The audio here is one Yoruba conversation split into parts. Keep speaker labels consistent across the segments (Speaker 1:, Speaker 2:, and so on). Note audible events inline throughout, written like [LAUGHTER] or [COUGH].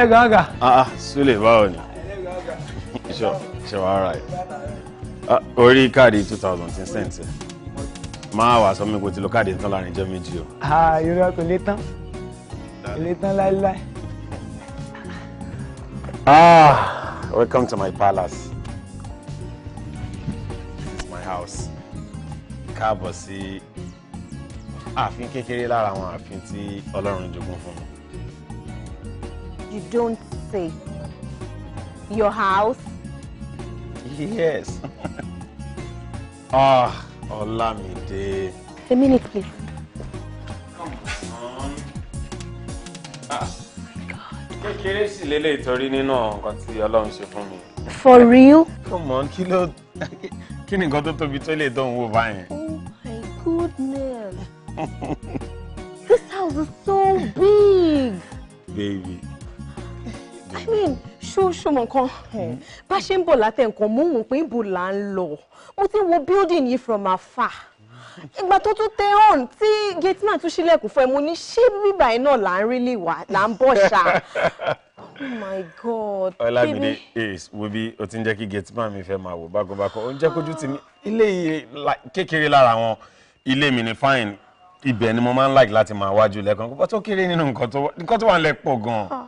Speaker 1: Alhaji Gaga. A'a ah, ah, Sule báwo ni? Ṣé wàá ra ẹ̀? Orí káàdì two thousand ten cents. Ma, Máa wà sọ mi kò ti lo káàdì tán láàrin jẹ́ méjì o.
Speaker 2: Yorùbá kò lè tán. Kò lè tán láéláé.
Speaker 1: Ah, welcome to my palace. This is my house. Káàbọ̀ sí ààfin kékeré lára àwọn ààfin tí Ọlọ́run jogún fún mi
Speaker 3: don't say? Your house?
Speaker 1: Yes. [LAUGHS] ah, Olamide.
Speaker 3: A minute, please. Come
Speaker 1: on. Ah. Kékeré sì lélẹ̀ ìtorí nínú nǹkan tí Ọlọ́run ṣe fún mi. For
Speaker 3: real? Come
Speaker 1: on, kilo. ló kí ni nǹkan tó tóbi tó lè dán Oh
Speaker 3: my goodness! [LAUGHS] This house is so big! Baby i mean ṣó ṣó mọ nǹkan bá ṣe ń bọ̀ látẹ̀ nǹkan mò ń wò pé ibo là ń lọ mo ti wo building yìí from afar ìgbà tó tún tẹ on tí gate man tún ṣílẹ̀kùn fún ẹ mo ní ṣé bíbà yìí náà là ń rí lè wà là ń bọ̀ ṣá oh my god ọlábìdé
Speaker 1: ace wo bí o ti ń jẹ́ kí gate man mi fẹ́ máa wò bákanbákan ó ń jẹ́ kójú ti ní ilé yìí kékeré lára wọn ilé mi ni fine ibẹ̀ ni mo máa ń like láti máa wájú lẹ́kọ̀ọ́ tó kéré nínú nǹkan tó wà ń lẹ̀ pọ̀ gan-an. Ah.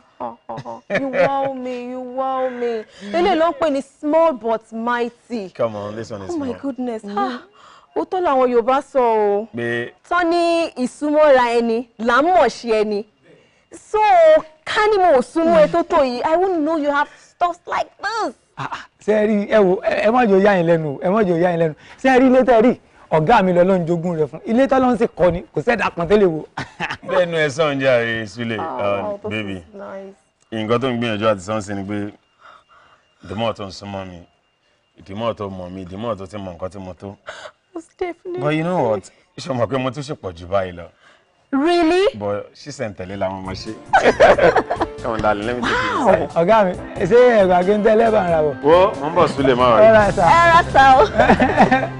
Speaker 3: [LAUGHS] you wow me, you wow me. Eléyìí ló ń point, ní small but mighty.
Speaker 1: Come on, this one is oh small. my
Speaker 3: goodness. Ah, ó tó làwọn Yorùbá sọ o. Pé. Tán ní ìsúnmọ́ra ẹni, là ń mọ̀ ṣe ẹni. So, ká ní mo súnmọ́ ẹ tó tó yìí, I wouldn't know you have stuff like this.
Speaker 4: Ah, ah, ṣé rí ẹ wo ẹ má
Speaker 2: jò yá yín lẹ́nu ẹ má jò yá yín lẹ́nu. Ṣé rí ilé tẹ́ rí? ọ̀gá mi lọ́lọ́ ń jogún rẹ̀ fún ilé tọ́lọ́ ń sì kọ́
Speaker 1: ni kò sẹ́dá kan tó lè wò. bẹ́ẹ̀ nu ẹ̀sán ń jà rè sulé um, oh, baby. Nice nǹkan tó ń gbìyànjú àti sọ́nsìn ni pé ìdìmọ̀ tó ń súnmọ́ mi ìdìmọ̀ tó mọ̀ mi ìdìmọ̀ tó ti mọ̀ nǹkan tí mo tó. but you know what ṣe mọ̀ pé mo tún ṣe pọ̀ jù báyìí lọ. really. but ṣíṣe ń tẹ̀lé làwọn ọmọ ṣe. come on darling let me take you inside. ọ̀gá mi ṣé ẹ̀rọ àgbẹ̀ntẹ́ ẹlẹ́bàá ara wọ̀. wo mo ń bọ̀ súlẹ̀ máa rí. ẹ̀rọ sá.
Speaker 3: ẹ̀rọ sá o.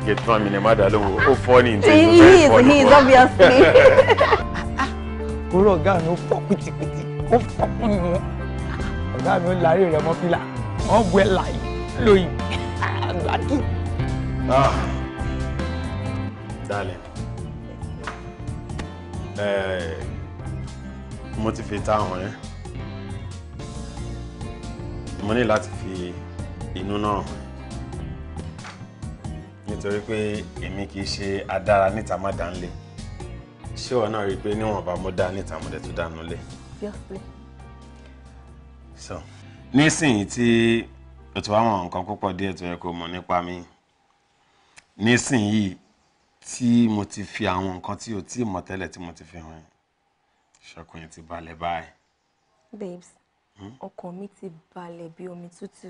Speaker 1: gate fan mi ni má dà lóhùn ó fọ́ ní ìtẹ́jú bẹ́ẹ̀ fọ́ obviously.
Speaker 4: orí [LAUGHS] ọ̀gá mi ó fọ́ pìtìpìtì
Speaker 1: ọ̀gá mi ó larí rẹ̀ mọ́ fílà wọ́n bu ẹ̀ láì lóyìn àgbàkì. Ah, dalẹ̀ eh, mo ti fi ta hàn ẹ́ mo ní láti fi inú náà hàn nítorí pé èmi kì í ṣe adára níta má dá ń lé ṣé ọ náà rí i pé níwọ̀nba mo dá níta mo dẹ̀ tún dá nulẹ̀. fíọ́fíọ́ so nísìnyí tí o ti wá mọ̀ nǹkan púpọ̀ díẹ̀ tó yẹ kó mọ̀ nípa mi nísìnyí tí mo ti fi àwọn nǹkan tí o ti mọ̀ tẹ́lẹ̀ tí mo ti fi hàn ṣọkùn yẹn ti balẹ̀ báyìí. babes hmm?
Speaker 3: ọkàn mi ti balẹ̀ bí omi tútù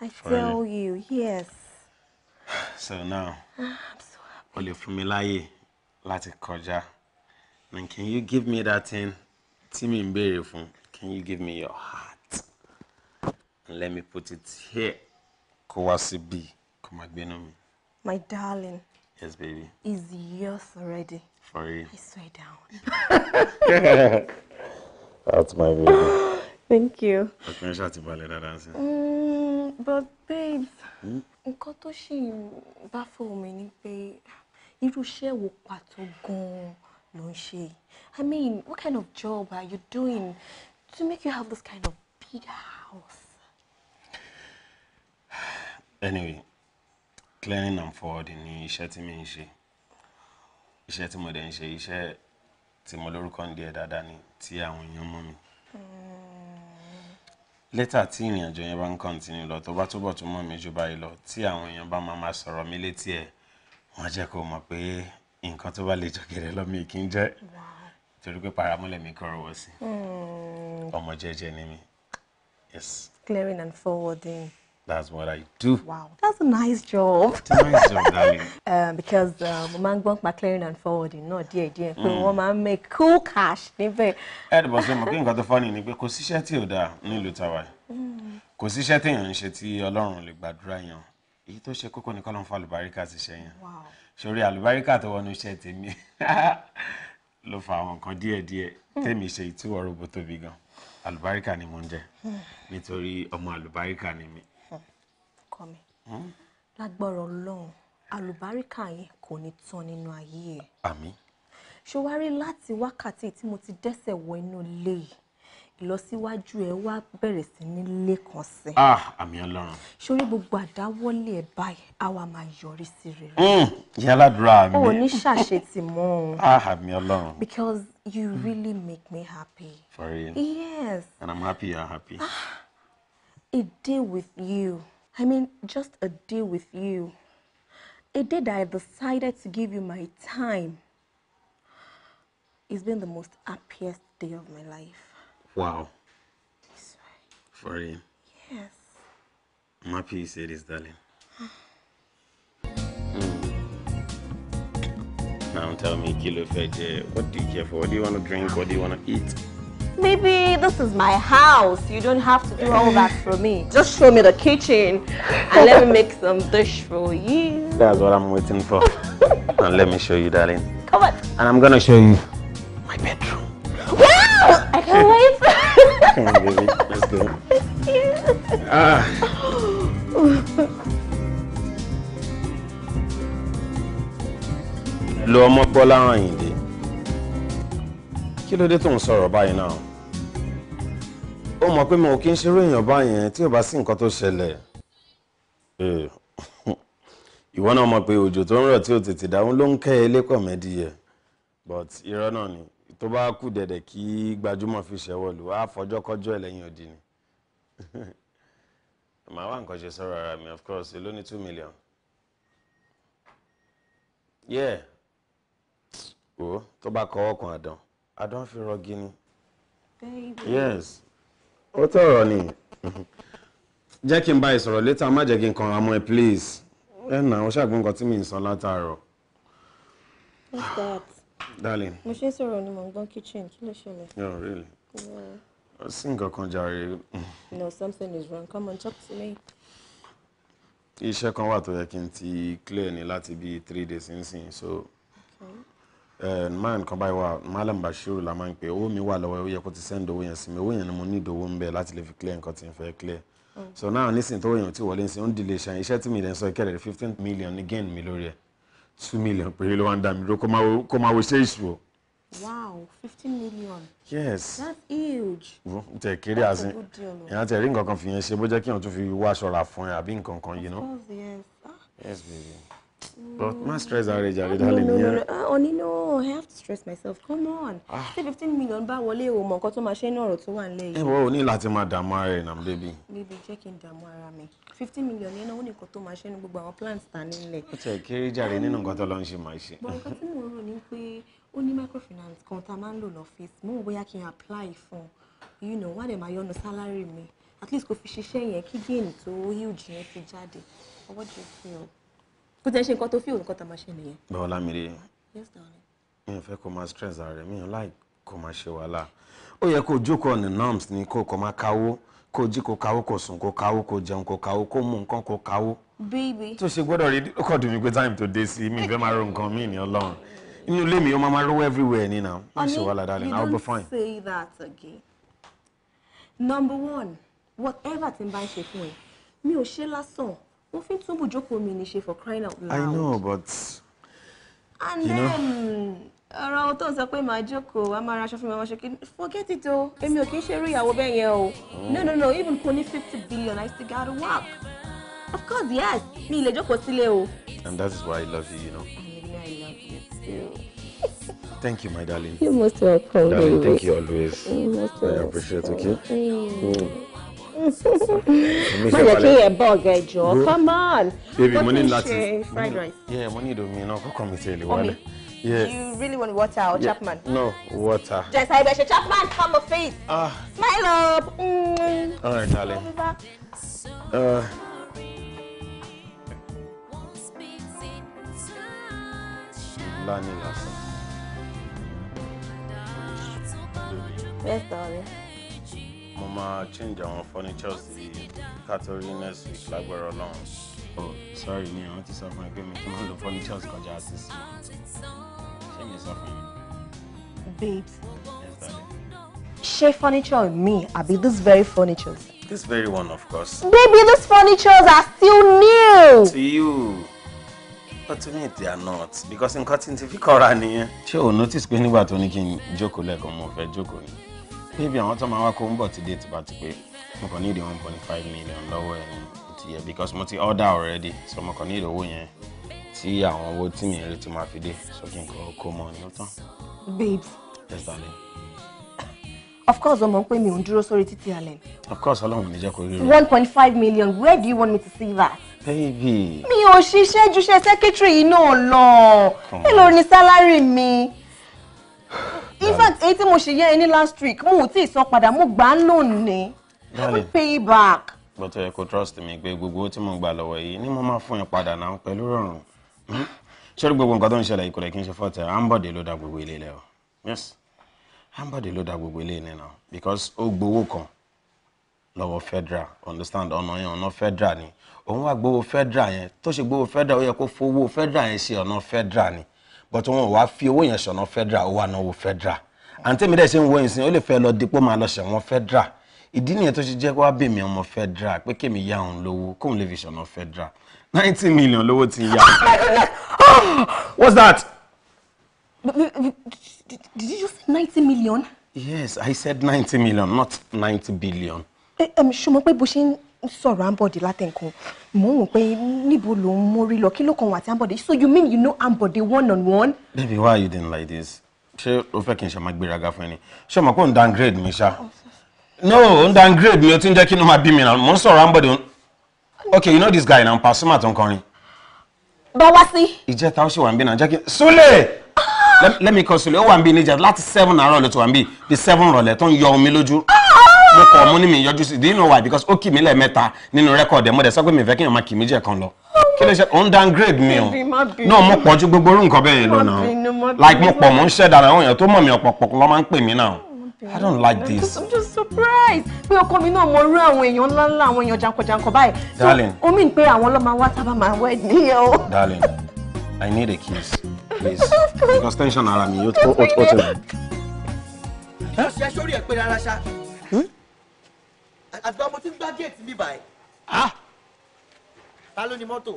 Speaker 3: i tell you yes.
Speaker 1: [SIGHS] so now ah, o lè fún mi láàyè láti kọjá and can you give me that thing tí mi ń béèrè fún can you give me your heart. And let me put it here. Kowasi B. Komagbenomi.
Speaker 3: My darling. Yes, baby. Is yours already?
Speaker 5: For you. I swear
Speaker 1: down. [LAUGHS] That's my baby.
Speaker 3: [GASPS] Thank you.
Speaker 1: Ọkùnrin you, ti balẹ̀ dáadáa sí.
Speaker 3: Mm, but babes, hmm? nǹkan tó ṣì bá fún mi ni pé irú iṣẹ́ wo pàtó gan-an ló ń ṣe? I mean, what kind of job are you doing to make you have this kind of big house?
Speaker 1: Anyway, clearing and forwarding ni iṣẹ́ tí mi ń ṣe. Iṣẹ́ tí mo dẹ̀ ń ṣe, iṣẹ́ tí mo lórúkọ ń díẹ̀ dáadáa ni tí àwọn èèyàn mọ̀ mí. Létà tí ìrìnàjò yẹn bá ń continue lọ, tó bá túbọ̀ tún mọ̀ mí ju báyìí lọ, tí àwọn èèyàn bá máa máa sọ̀rọ̀ mí létí ẹ̀, wọ́n á jẹ́ kó mọ̀ pé nǹkan tó bá le jọ̀gẹ̀dẹ̀ lọ mi kì í Torí pé para mọ́lẹ̀ mi kọ́rọ̀wọ́ sí. Hmm. Ọmọ jẹ́jẹ́ ni mí. Yes.
Speaker 3: Clearing and forwarding.
Speaker 1: That's what I do. Wow,
Speaker 3: that's a nice job. It's a nice job, darling. uh, [LAUGHS] because um, mo máa McLaren and forwarding náà díẹ̀ dear. pé mm. wọ́n máa ń make cool cash níbẹ̀.
Speaker 1: Ed bọ̀ sọ́mọ kí nǹkan tó fọ́ ni ni pé kò síṣẹ́ tí ò dáa nílùú tàwa yìí. Mm. Kò síṣẹ́ tí èèyàn ń ṣe tí Ọlọ́run lè gbàdúrà yàn. Èyí tó ṣe kókó ni kọ́lọ́n fún àlùbáríkà ti ṣe yàn. Sori àlùbáríkà tó wọnú iṣẹ́ tèmi [LAUGHS] ló fa àwọn nǹkan díẹ̀ díẹ̀ mm. tèmi ṣe ìtúwọ̀ robo tóbi gan. Àlùbáríkà ni mo ń jẹ nítorí ọmọ àlùbáríkà ni mi
Speaker 3: ọkọ mi lágbára Ọlọ́run àlùbáríkà yẹn kò ní tán nínú ayé ẹ̀. àmín. ṣé wàá rí láti wákàtí tí mo ti dẹ́sẹ̀ wọ inú ilé yìí ìlọsíwájú ẹ wá bẹ̀rẹ̀ sí ní lẹ́kàn sí. àmì ọlọ́run. sórí gbogbo àdáwọ́lé ẹ báyìí àwa máa yọrí sí rere. Hmm,
Speaker 1: ìyá aládùúrà mi. o ní
Speaker 3: ṣàṣetì mọ́ o. Ah,
Speaker 1: àmì ọlọ́run.
Speaker 3: because you hmm. really make me happy.
Speaker 1: for real. yes. and i'm happy you're happy. Ah,
Speaker 3: a day with you. I mean, just a deal with you. A day that i decided to give you my time. It's been the most happiest day of my life.
Speaker 1: Wow. For you. Yes. I'm happy you said this, darling. mm. [SIGHS] Now tell me, Kilo Fetch, eh, what do you care for? What do you want to drink? What do you want to eat?
Speaker 3: Maybe this is my house. You don't have to do all that for me. Just show me the kitchen and let me make some dish for you.
Speaker 1: That's what I'm waiting for. and [LAUGHS] let me show you, darling. Come on. And I'm gonna show you my
Speaker 5: bedroom. Wow! I can't wait. Come on,
Speaker 1: baby. Let's go.
Speaker 5: Thank you. Ah.
Speaker 1: lo ọmọ Bọ́lá Àyìndé kí ló dé tó ń sọ̀rọ̀ báyìí náà ó mọ̀ pé mo kì í ṣerú èèyàn báyẹn tí ò bá sí nǹkan tó ṣẹlẹ̀ eh, [LAUGHS] ìwọ náà mọ̀ pé òjò tó ń rọ̀ tí ò tètè dáhùn ló ń kẹ́ ẹ lẹ́kọ̀ọ́ mẹ́díyẹ but irọ́ náà ni tó bá kù dẹ̀dẹ̀ kí gbajúmọ̀ fi ṣẹ́wọ́ lù á fọjọ́kọ́jọ́ ẹlẹ́yìn òdì ni [LAUGHS] màá wá nǹkan ṣe sọ̀rọ̀ ara mi of course èló ní two million yeah o tó bá kọ́ ọkàn àdán adán fi rọgí ni.
Speaker 5: baby. yes
Speaker 1: ó tọrọ ni jẹ́ kí n bá ẹ sọ̀rọ̀ létà má jẹ́ kí please And now, ó ṣàgbọ́n nǹkan tí mi ń what's that. darling.
Speaker 3: mo ṣe sọ̀rọ̀ ni mo the kitchen No, really. Yeah.
Speaker 1: sì nǹkan kan jàre.
Speaker 3: no something is wrong come on talk to me.
Speaker 1: iṣẹ́ should come tó to the kitchen ti clear ni láti bíi three days nísìnyí so. Okay Eh, Man nǹkan báyìí wà Malam Bashiru la máa ń pè owó mi wà lọ́wọ́ ó yẹ kó ti send owó yẹn sí mi owó yẹn ni mo ní ìdòwò ń bẹ láti lè fi clear nǹkan tí n fẹ́ clear mm. so now nísìnyí tó yẹn ò tí wọlé ń sin ó ń delay ṣan iṣẹ́ tí mi lè sọ ìkẹrẹ̀ fifteen million ní gain mi lórí ẹ̀ two million péré ló wá ń dá mi ló kó máa wo ṣé ìṣù o.
Speaker 3: wow fifteen million. yes that's huge.
Speaker 1: tẹ kéré àti ìyá tẹ rí nǹkan kan fi yẹn ṣe bó jẹ́ kí wọ́n tún fi wá aṣọ ra fún ẹ àbí nǹkan kan yìí ná. of
Speaker 3: course yes. Ah.
Speaker 5: yes baby.
Speaker 1: But ma mm. stress already ìjà rẹ̀ ah, darling. No, no, no,
Speaker 3: no. Oni no, I have to stress myself. Come on. Ah. Say fifteen million ba wole o mo nǹkan tó máa ṣe ní ọ̀rọ̀ tó wà nílẹ̀ yìí? Ẹ eh, wọ́n ò ní
Speaker 1: láti máa ara ẹ̀ nà bébí.
Speaker 3: Bébí jẹ́ ara mi. Fifteen million yẹn náà ó ní nǹkan tó máa ṣe ní gbogbo àwọn plans ta nílẹ̀. Ó tẹ̀
Speaker 1: kéré jàre nínú nǹkan tó lọ ń ṣe máa ṣe. Bọ̀ nǹkan tí
Speaker 3: mò ń rò ní pé ó microfinance kan tá a máa ń lò Mo ń bóyá apply fún you know wá dẹ̀ máa yọnu salary me. at least kò fi ṣiṣẹ́ yẹn kí gain tó huge yẹn fi jáde. What do you feel? bó ti ẹ ṣe nǹkan tó fíìwò nǹkan tá a máa ṣe nìyẹn.
Speaker 1: báwo lámìrè mi ò fẹ́ kó máa stress ara rẹ̀ mi ò láì kó máa ṣe wàhálà ó yẹ kó jókòó ọ̀nà norms ni kó kó máa káwó kó jí kó káwó kó sùn kó káwó kó jẹun kó káwó kó mú nǹkan kó káwó. bíbí tó ṣe gbọ́dọ̀ rí ó dùn mí pé time to dé sí mi ìfẹ́ máa ro nǹkan mí ní ọlọ́run inú ilé mi ó máa máa rówó everywhere ní náà má ṣe wàhálà darling I will be fine.
Speaker 3: say that again. number one whatever ti ń bá ń ṣe fún ẹ mi ò ṣe lásán mo fi ń túbù jókòó mi ní ṣe for crying out loud. I know but. and you then ọ̀rọ̀ ohun tó ń sọ pé màá jókòó a máa raṣọ fún mi àwọn aṣọ kìíní forget it o èmi ò kì í ṣe irú ìyàwó bẹ́ẹ̀ yẹn o oh. no no no even kò ní fifty billion I still gotta work of course yes mi ilé jókòó sílé o.
Speaker 1: and that is why I love you you know. [LAUGHS] Thank you, my darling. You're most welcome. Darling, thank you always. You're most welcome. I appreciate it, okay? Mm
Speaker 3: má jẹ́ kí yẹn bọ̀ ọ̀gá ẹ̀jọ̀ come on.
Speaker 1: baby mo fried rice. yeah mo ní ìdòmí náà kọ́kọ́ mi ti lè wọlé. Yes. You
Speaker 3: really want water or yeah. Chapman?
Speaker 1: No, water.
Speaker 3: Just I bet you Chapman, come on faith. Ah. Smile up.
Speaker 5: Mm. All right, darling. Uh, Lani Lassa. Yes, darling
Speaker 1: mo máa change àwọn furniture sí category next week lágbára ọlọ́run. oh sorry mi àwọn ti sọ fún ẹ pé mi kí n máa lo furniture kọjá àti sí ṣé mi sọ fún yín.
Speaker 3: babes ṣé furniture mi àbí this very furniture.
Speaker 1: this very one of course. baby
Speaker 3: these furnitures are still
Speaker 1: new. to you but to me they are not because nǹkan tí n ti fi kọ́ra nìyẹn. ṣé o notice pé nígbà tó ní kí n jókòó lẹ́ẹ̀kan mo fẹ́ jókòó ni níbi àwọn tó máa wá kó ń bọ̀ ti dé ti bá ti pé mo kàn need one point five million lọ́wọ́ ẹ̀ ti yẹ because mo ti order already so mo kàn need owó yẹn tí àwọn owó tí mi retí máa fi dé so kí n kò kó mọ ní tán. babes. yes darling.
Speaker 3: of course ọmọ pé mi ò ń dúró sórí títí alẹ́.
Speaker 1: of course ọlọ́run ní jẹ́ kó rí rẹ. one
Speaker 3: point five million where do you want me to see that.
Speaker 1: baby.
Speaker 3: mi ò ṣiṣẹ́ juṣẹ́ secretary yìí náà lọ. èló ni sálárì mi in fact èyí tí mo ṣe yẹ ẹni last week mo ò tí ì san padà mo gbà á lónìí i will pay you back.
Speaker 1: but ẹ eh, kò trust mi pé gbogbo tí mo gbà lọ́wọ́ yìí ni mo máa fún ẹ padà náà pẹ̀lú rọrùn sórí hmm? gbogbo nǹkan tó ń ṣẹlẹ̀ ìkọlẹ̀ kí n ṣe fọ́tẹ̀ ambode ló da gbogbo ilé lẹ̀ yes ambode ló da gbogbo ilé náà because ó gbowó kan lọ́wọ́ federal understand ọ̀nà yẹn ọ̀nà federal ni òun wá gbowó federal yẹn tó ṣe gbowó federal ó yẹ kó fowó federal yẹn ṣe ọ̀nà federal ni but wọn wàá fi owó yẹn ṣọ̀nà federal ó wà náwó federal àǹtí mi dẹ̀ ṣe ń wọ ìsìn ó lè fẹ́ lọ dípò máa lọ ṣẹ̀wọ̀n federal ìdí nìyẹn tó ṣe jẹ́ wá bèmí ọmọ federal pé kémi yá òun lówó kóun lè fi ṣọ̀nà federal ninety million lówó ti yá. [LAUGHS] what's that. did
Speaker 3: you just say ninety million.
Speaker 1: yes i said ninety million not ninety billion.
Speaker 3: ṣùgbọ́n pé bó ṣe ń ń sọ̀rọ̀ Ambode látẹ̀kùn mò ń wò pé níbo ló ń mórí lọ kí ló kàn wà tí Ambode so you mean you know Ambode one on one.
Speaker 1: baby why are you doing like this ṣé o fẹ́ kí n ṣe máa gbéraga fún ẹni ṣé o mọ̀ pé o downgrade mi ṣá no o downgrade mi o ti ń jẹ́ kí inú máa bí mi náà mò ń sọ̀rọ̀ Ambode okay you know this guy na Pasuma tó ń kọrin. bá wá sí. ìjẹta ó ṣì wà ń bí náà jẹ́ kí Sule let me call Sule ó wà ń bí níjà láti seven àárọ̀ ló wà ń bí the seven rọ̀lẹ́ tó ń yọ omi lójú. ah mo kọ̀ mo ní mi yọjú sí do you know why because ó kì mí lẹ́ẹ̀mẹ́ta nínú rẹ́kọ̀dì ẹ̀ mo dẹ̀ sọ pé mi fẹ́ kí èèyàn máa kì mí jẹ́ kan lọ kí ló ṣe ò ń downgrade mi o náà mo pọ̀ ju gbogbo orú nǹkan bẹ́ẹ̀ yẹn lọ náà
Speaker 5: like mo pọ̀ mo ń ṣẹ̀dá àwọn èèyàn tó mọ̀
Speaker 1: mi ọ̀pọ̀pọ̀ lọ́ máa ń pè mí náà. I don't like this. Because I'm
Speaker 5: just surprised. Pé
Speaker 3: ọkọ mi náà mo rí àwọn èèyàn ńlá ńlá àwọn èèyàn jankan-jankan báyìí. Darling. O mean pé àwọn ló máa tábà máa wed ní yẹn o.
Speaker 1: Darling, I need a kiss, please. [LAUGHS] Because tension ara mi, o ti.
Speaker 6: Ṣé sórí ẹ̀ pé rárá ṣá? àtìgbà mo ti ń gbá géètì mi báyìí. ta ló ni mọ́tò.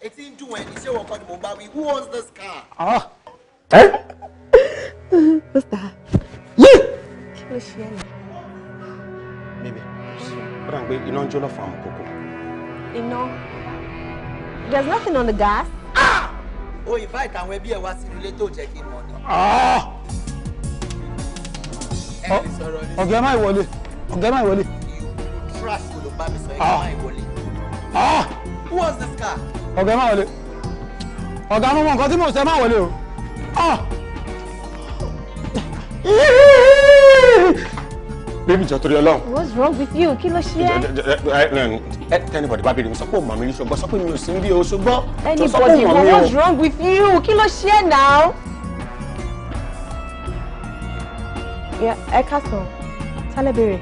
Speaker 2: etí ń dùn ẹ ní ṣé wọn ni mo bá wí who owns this
Speaker 1: car.
Speaker 5: Mr. yìí
Speaker 3: kí ló ṣe é
Speaker 1: bébè ó dà pé iná ń jó lọ́fọ̀ àwọn kókó. iná
Speaker 3: there's nothing on the gas. o ah!
Speaker 4: invite
Speaker 2: àwọn ẹbí ẹ wá sí ilé tó jẹ́ kí n mọ̀ ni ọ̀gá ẹ má ìwọlé ọ̀gá ẹ má ìwọlé. trash kò ló ah. Ah.
Speaker 6: who was this car.
Speaker 2: ọ̀gá ẹ má wọlé ọ̀gá mo mọ nǹkan tí mo ṣe má wọlé o. Ah.
Speaker 1: bébí jọ torí Ọlọ́run.
Speaker 3: what's wrong with you kí ló
Speaker 1: ṣe é.
Speaker 6: anybody bá bèrè mi sọ pé màmí rí ṣọgbọ́n sọ pé mi ò sí ń bí o ṣọgbọ́n. anybody what's
Speaker 3: wrong with you kí ló ṣe é now. ẹ káàsán sálẹ̀ béèrè.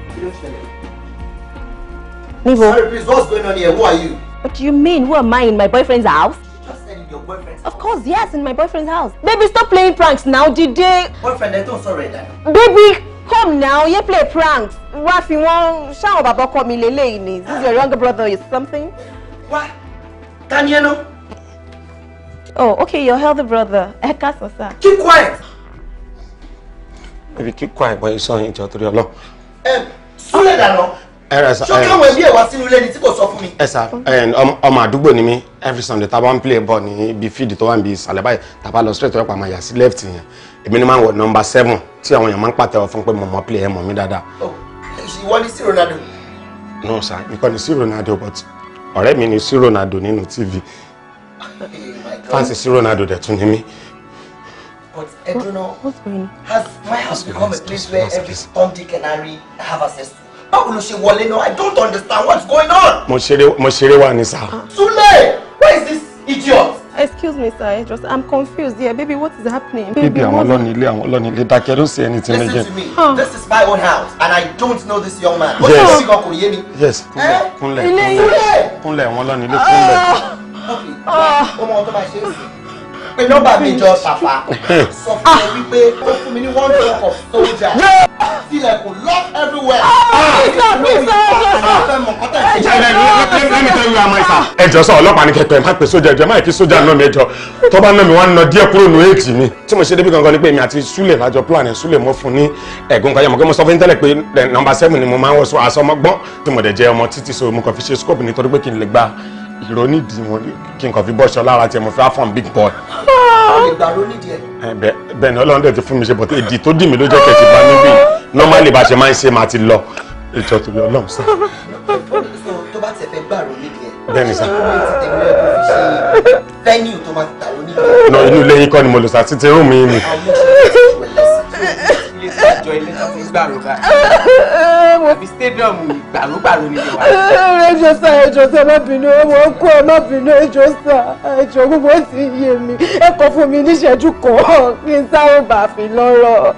Speaker 2: níbo. sorry please what's going on here who are you.
Speaker 3: what do you mean who am I in my boyfriend's house.
Speaker 2: just said your boyfriend's
Speaker 3: Of course, yes, in my boyfriend's house. Baby, stop playing pranks now, did they?
Speaker 2: Boyfriend, I don't sorry that.
Speaker 3: Baby, come now, you play pranks. What if you want? ṣáwọn bàbá ọkọ mi lele in This is your younger brother or something? What? Taniano? Oh, okay, your elder
Speaker 2: brother. Ẹ sir. Keep quiet!
Speaker 1: ibi kíkọ àìmọ iṣan yìí jọ torí ọlọ.
Speaker 2: ẹ súnlẹ̀ dànù ṣọkẹ́ àwọn ẹbí ẹ̀ wá sínú ilé ni tí kò sọ fún mi.
Speaker 1: ẹ sà ọmọ àdúgbò ni mí every sunday tá a bá ń play ball ní ibi field tó wà níbi ìsàlẹ̀ báyìí tá a bá lọ straight ọ̀pá máa yà sí left yẹn èmi ni máa ń wọ number seven tí àwọn èèyàn máa ń pàtẹ́wọ́ fún pé mo mọ play ẹ̀ mọ̀ mí dáadáa.
Speaker 2: Oh, ìwọ ni sí Ronaldo.
Speaker 1: no sir ìkọ́ ni sí Ronaldo but ọ̀rẹ́ mi ni sí Ronaldo nínú tv oh fáǹsì Ronaldo dẹ̀ tún
Speaker 2: But Eduna, what's going on? Has my
Speaker 3: house become a place
Speaker 1: where every
Speaker 2: tom, dick and harry have access to? Báwo ló I don't understand what's going on.
Speaker 1: Mo ṣeré mo ṣeré
Speaker 2: Sule, ah. where is this idiot?
Speaker 3: Excuse me, sir. just, I'm confused. Yeah, baby, what is happening? Baby, I'm alone
Speaker 1: lọ́ni ilé, àwọn lọ́ni don't say anything Listen again. Listen to
Speaker 3: me. Huh. This is
Speaker 2: my own house, and I don't know this young man.
Speaker 1: Yes. Yes. Kúnlẹ̀, eh? kúnlẹ̀, kúnlẹ̀, kúnlẹ̀, àwọn lọ́ni ilé, kúnlẹ̀.
Speaker 2: Ah. Okay. Ah. Ọmọ ọ̀tọ́ máa ṣe é sí pé nọ́mbà mi jọ pàpà sọ fún mi wípé ó fún mi ní one drop of soldier tilẹ̀kùn lock everywhere. Ah! Ah!
Speaker 6: Ah!
Speaker 1: ẹ jọ sọ ọlọ́pàá ní kẹkẹ má pè sójà ẹjọ má kí sójà náà mi ẹjọ tó bá náà mi wá ná díẹ̀ kúrò nù éètì mi tí mo ṣe débi gangan ni pé mi àti Sule lájọ plan ẹ Sule mọ fún ní ẹgún kan yẹn mo kí mo sọ fún tẹ́lẹ̀ pé eh, nọ́mbà seven ni mo máa ń wọ aṣọ ọmọ gbọ́n tí mo dẹ̀ jẹ́ ọmọ títí so mo kàn fi ṣe scope nítorí pé kí n lè gba ìró nídìí wọn kí n kàn fi bọ́ṣọ lára tiẹ̀ mo fi afọ́n big boy. Ah! bẹ́ẹ̀ ni ọlọ́run dẹ̀ ti fún mi ṣe bọ̀tẹ́ ìdí tó dì mí ló jẹ́ kẹ̀ ti bá mi bí normally bá ṣe máa ń ṣe máa ti lọ ìjọ tó yọ ọlọ́run sá. tó
Speaker 2: bá tẹ̀ fẹ́ gbàrò nídìí ẹ̀. bẹ́ẹ̀ ni sá. venue tó bá ti tàró nídìí ẹ̀. inú ilé
Speaker 1: yín kọ́ ni mo lò sá títí rúùmù yín ni
Speaker 7: àjọ ilé tó ti gbàrú báyìí àbí stadium gbàrúgbàrú ni ìwà.
Speaker 5: ẹjọ sá ẹjọ
Speaker 2: sá má bínú ọmọ ọkọ ẹ má bínú ẹjọ sá gbogbo ti yé mi ẹ kọ fún
Speaker 4: mi níṣẹ́jú kan kí n sáré bá fi lọ́rọ̀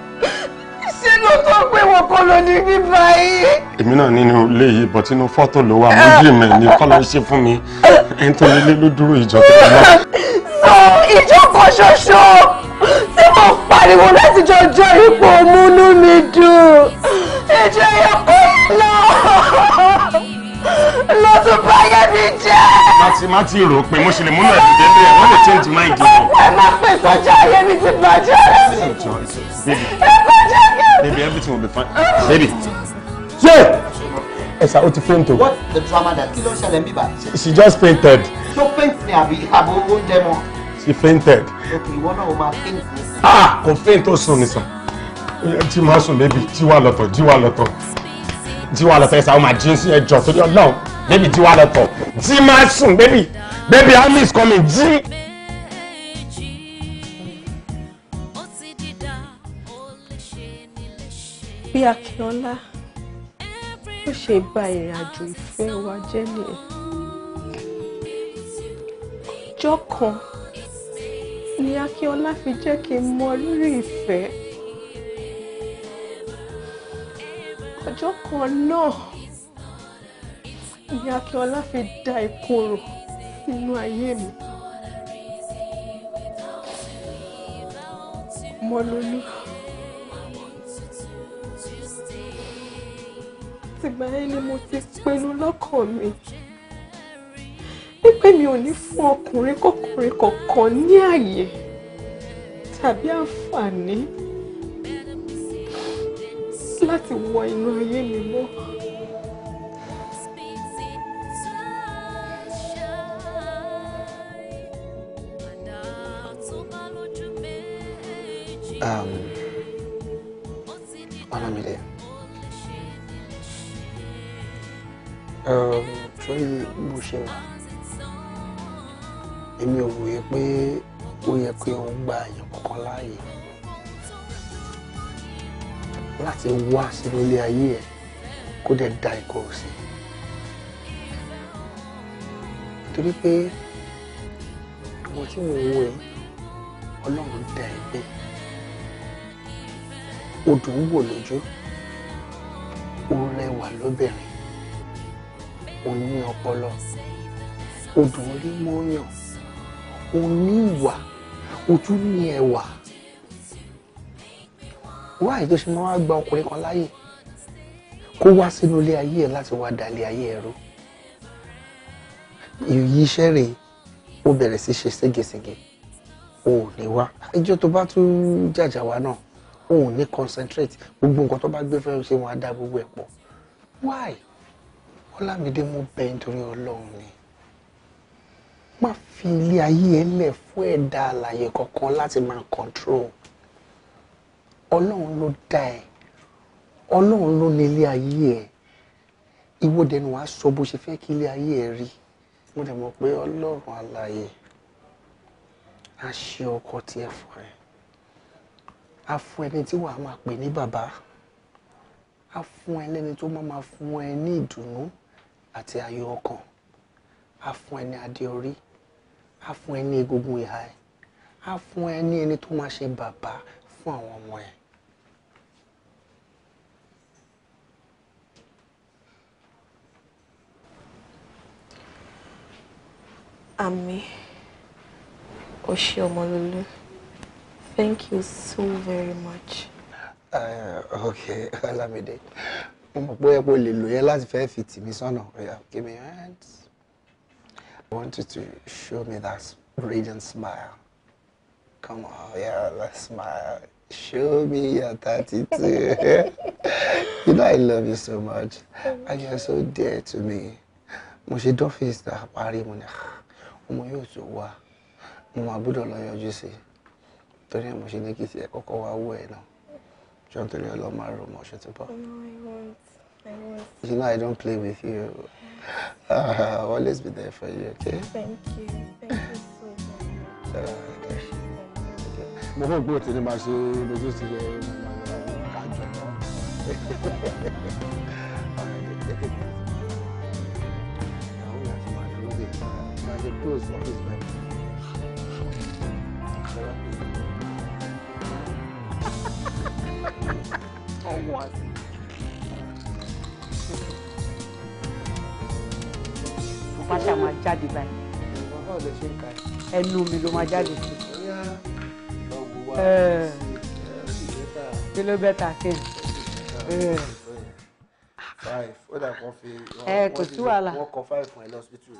Speaker 4: ṣé ló
Speaker 5: sọ pé wọn kọ ló ní ní báyìí.
Speaker 1: èmi náà nínú ilé yìí bọ́ tínú fọ́tò ló wà mú bí mi ní kọ́ ló ṣe fún mi ẹni tó nílé ló dúró ìjọ tó lọ.
Speaker 5: sọ ìjọ kan ṣoṣo tí mo pariwo láti jọjọ́ ipò múnú mi dùn ẹjọ́ yọkọ lọ lọ tún mi
Speaker 1: jẹ́. láti má ti rò pé mo ṣe lè múnú ẹ̀dùn dé bẹ́ẹ̀ wọ́n lè change mind mi. ẹ má pè sọ́jà ayé mi ti bàjẹ́ rẹ̀. baby baby everything will be fine baby. ṣé ẹ̀sà ó ti faint o. what
Speaker 2: the drama that kí ló ṣẹlẹ̀ ń bíbà.
Speaker 1: she just fainted.
Speaker 2: so faint ni àbí àbò oúnjẹ mọ́ she fainted. ok
Speaker 1: ah kò faint ó sùn nìsàn ó yẹ jí máa sùn bébì jí wà lọ́tọ̀ jí wà lọ́tọ̀ jí wà lọ́tọ̀ ẹ̀sà ó máa jí sí ẹjọ́ torí ọlọ́run bébì jí wà lọ́tọ̀
Speaker 6: jí máa sùn bébì bébì army is coming jí.
Speaker 3: bí akínọlá ó ṣe bà ìrìn àjò ìfẹ́ wa jẹ́ nìyẹn ọjọ́ kan ni Akíọlá fi jẹ́ kí n mọ rírì ìfẹ́. ọjọ́ kan náà ni Akíọlá fi da ìkorò sínú ayé mi. Mọ́lólú. tìgbà yẹn ni mo ti pinnu lọ́kàn mi pé mi ò ní fún ọkùnrin kọkùnrin kankan ní àyè tàbí àǹfààní
Speaker 2: láti wọ inú ayé mi
Speaker 3: mọ́.
Speaker 5: Um, Ọlámídé.
Speaker 2: Um, sorry, mo ṣe wà èmi ò wòye pé ó yẹ pé òun gba èèyàn kankan láàyè láti wá sínú ilé ayé ẹ kó dẹ̀ da ikọ̀ sí torí pé ìwọ tí mo ń wò ọlọ́run da ẹ pé odò ń wò lójú ó rẹwà lóbìnrin ó ní ọpọlọ odò orí mọ́yàn o ní ìwà o tún ní ẹwà wáyé tó ṣe máa wá gba ọkùnrin kan láyè kó wá sínú ilé ayé ẹ láti wá dalé ayé ẹ rú ìyí iṣẹ́ rèé ó bẹ̀rẹ̀ sí ṣe ségesège o ò ní wá ẹjọ́ tó bá tún jàjà wá náà o ò ní concentrate gbogbo nǹkan tó bá gbé fẹ́ ṣe wọn á dá gbogbo ẹ̀ pọ̀ why Ọlámídé mú bẹ́ẹ̀ nítorí Ọlọ́run ni má fi ilé ayé ẹ lẹ̀ fún ẹ̀dá àlàyé kankan láti máa control ọlọ́run ló dá ẹ ọlọ́run ló ní ilé ayé ẹ ìwọ dẹnu wàá sọ bó ṣe fẹ́ kí ilé ayé ẹ rí mo dẹ̀ mọ̀ pé ọlọ́run àlàyé á ṣe ọkọ tiẹ̀ fún ẹ á fún ẹni tí wàá máa pè ní bàbá á fún ẹ lẹ́ni tó máa fún ẹ ní ìdùnnú àti ayọ̀ ọkàn á fún ẹ ní adé orí á fún ẹ ní egungun ìhà ẹ á fún ẹ ní ẹni tó máa ṣe bàbá fún àwọn ọmọ ẹ.
Speaker 3: Ami Oshiomololu, thank you so very much.
Speaker 2: Uh, okay, Olamide, mo mọ̀ pé ẹ kò lè lò yẹn láti fẹ́ fi tì mí sọ́nà. Give me hands. I want to show me that radiant smile. Come on, yeah, let's smile. Show me your 32. [LAUGHS] you know I love you so much. And you're so dear to me. Mo ṣe dọ́fíìsì náà parí mo ní ọmọ yóò tó wá. Mo máa gbọ́dọ̀ lọ yọjú sí i. Torí ẹ̀ mo ṣe ní kí tiẹ̀ kọ́kọ́ wá wọ̀ ẹ̀ náà. Ṣé ọlọ́mọ àrùn mo ṣe tó bọ̀? You know I don't play with you. I'll always be there for you, okay?
Speaker 5: Thank you. Thank you
Speaker 2: so much. Mo fẹ́ gbọ́ tèmi máa
Speaker 6: Oh, [LAUGHS] what?
Speaker 4: kankan bá ṣàmà jáde báyìí.
Speaker 2: ẹnu mi ló máa jáde sí.
Speaker 4: kí ló bẹ́tà kí
Speaker 2: five ó dà kàn fi ẹ kò sí wàhálà wọn kọ five fún ẹ lọ hospital.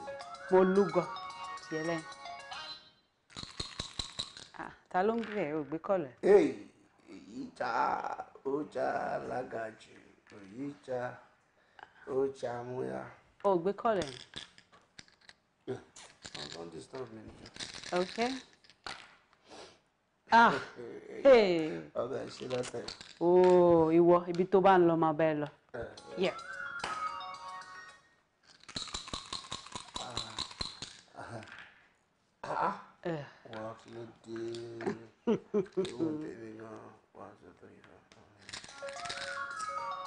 Speaker 4: mo lúgọ tiẹ lẹ́yìn ah, ta ló ń gbé ẹ ò gbé kọlẹ. èyí ta ó ja alága jù
Speaker 2: èyí ta ó ja múra.
Speaker 4: ò gbé kọlẹ.
Speaker 2: Yeah. Don't disturb me.
Speaker 4: Okay. [LAUGHS] Ah, hey. Ọbẹ̀ ṣe lọ́tẹ̀. Oo, ìwọ, ibi tó bá ń lọ máa bẹ́ẹ̀ lọ. Yeah.
Speaker 2: Wà á ló dé. Ìwọ bèbè náà wà á sọ̀tọ̀ yìí.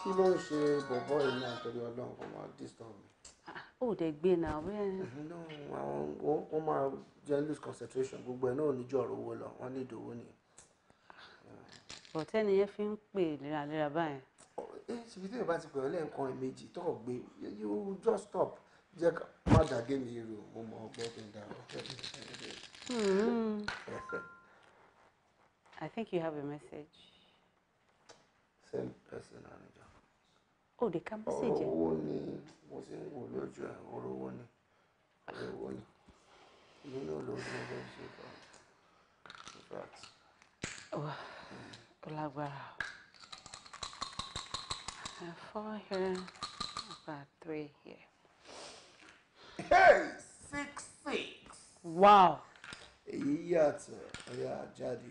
Speaker 2: Kí ló ń ṣe bọ̀bọ̀ yìí náà torí ọlọ́run kò máa disturb mi?
Speaker 4: ó dẹ̀ gbé náà wẹ́ẹ́. no
Speaker 2: àwọn ó máa jẹ́ lose concentration gbogbo ẹ̀ náà níjọ́ ọ̀rọ̀ owó lọ wọ́n ní ìdòwò ni.
Speaker 4: ọ̀tẹ́ni yẹn fi ń pè léraléra báyìí.
Speaker 2: ẹ eh, ṣèbí tí yorùbá ti pè ọ́ lẹ́ẹ̀kan méjì tó gbé you just stop jẹ́ ká má dàgé mi rò mo mọ ọgbẹ́ tó ń dà ọ́.
Speaker 5: Hmm.
Speaker 2: [LAUGHS]
Speaker 4: I think you have a message.
Speaker 2: Same person on it.
Speaker 4: òde ká mẹ́sẹ̀jì. ọ̀rọ̀ owó ni
Speaker 2: mo ti wò lójú ẹ̀ ọ̀rọ̀ ni ọ̀rọ̀ ni èmi náà ló ń lọ ṣe fà in fact.
Speaker 4: ó lágbára o four here about three here. hey
Speaker 5: six six.
Speaker 2: wow. èyí yàtọ̀ ọ̀yà jáde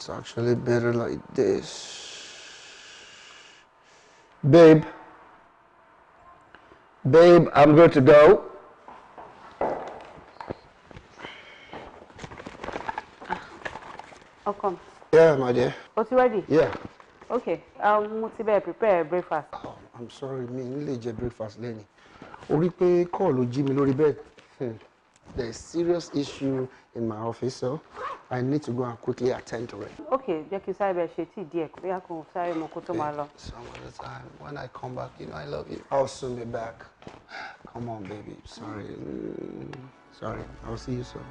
Speaker 2: It's actually better like this. Babe, babe, I'm good to go. I'll ah, come. Yeah, my dear.
Speaker 4: What's you ready? Yeah. Okay. Um, mo ti prepare breakfast. Oh,
Speaker 2: I'm sorry, me n lè jẹ breakfast Lenny. Orí pé call ló jí mi hmm, There's serious issue in my office, so. I need to go and quickly attend to it.
Speaker 4: Okay, Jackie Cyber Sheti Diek, we are going to say Mokotomalo. Some other time, when I come back, you know I love you. I'll soon be back.
Speaker 2: Come on, baby. Sorry. Mm. Sorry. I'll see you soon.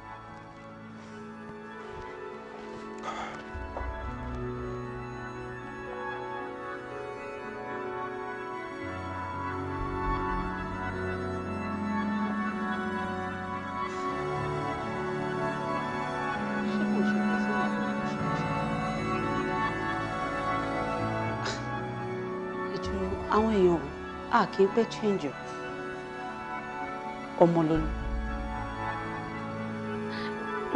Speaker 4: a ah, kì í change o ọmọlolú.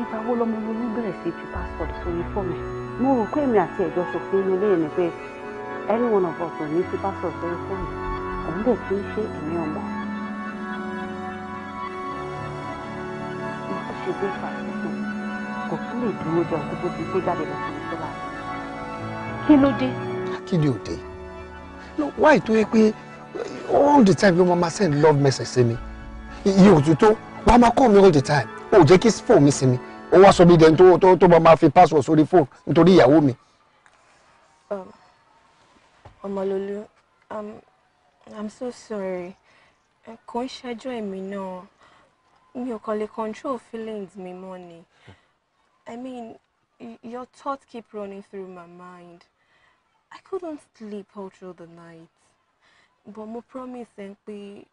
Speaker 4: ìgbà wo lọmọlolú bẹ̀rẹ̀ sí fi passport sórí fóònù ẹ̀ mo rò pé èmi àti ẹ̀jọ́ ṣòfin inú ilé ni pé any one of us ò ní fi passport sórí fóònù òun dẹ̀ kì í ṣe èmi ọmọ. mo ti ṣe breakfast fún kò tún lè dúró jẹun kó tó ti gbé jáde lọ sí iṣẹ́ láti. kí ló dé.
Speaker 2: kí ni ò dé wáì tó yẹ pé all the time your mama send love message sí mi iye òtútó wàá máa call me all the time ó jẹ́ kí fóònù mi sí mi ó wá sọ bí dẹ́n tó tó tó máa fi password sórí fóònù nítorí ìyàwó mi.
Speaker 3: Um, ọmọlolú um, i'm so sorry kò ń ṣẹjọ́ èmi náà mi ò kàn lè control feelings mi mọ́ ni i mean your thoughts keep running through my mind i couldn't sleep all through the night but mo promise ẹ pé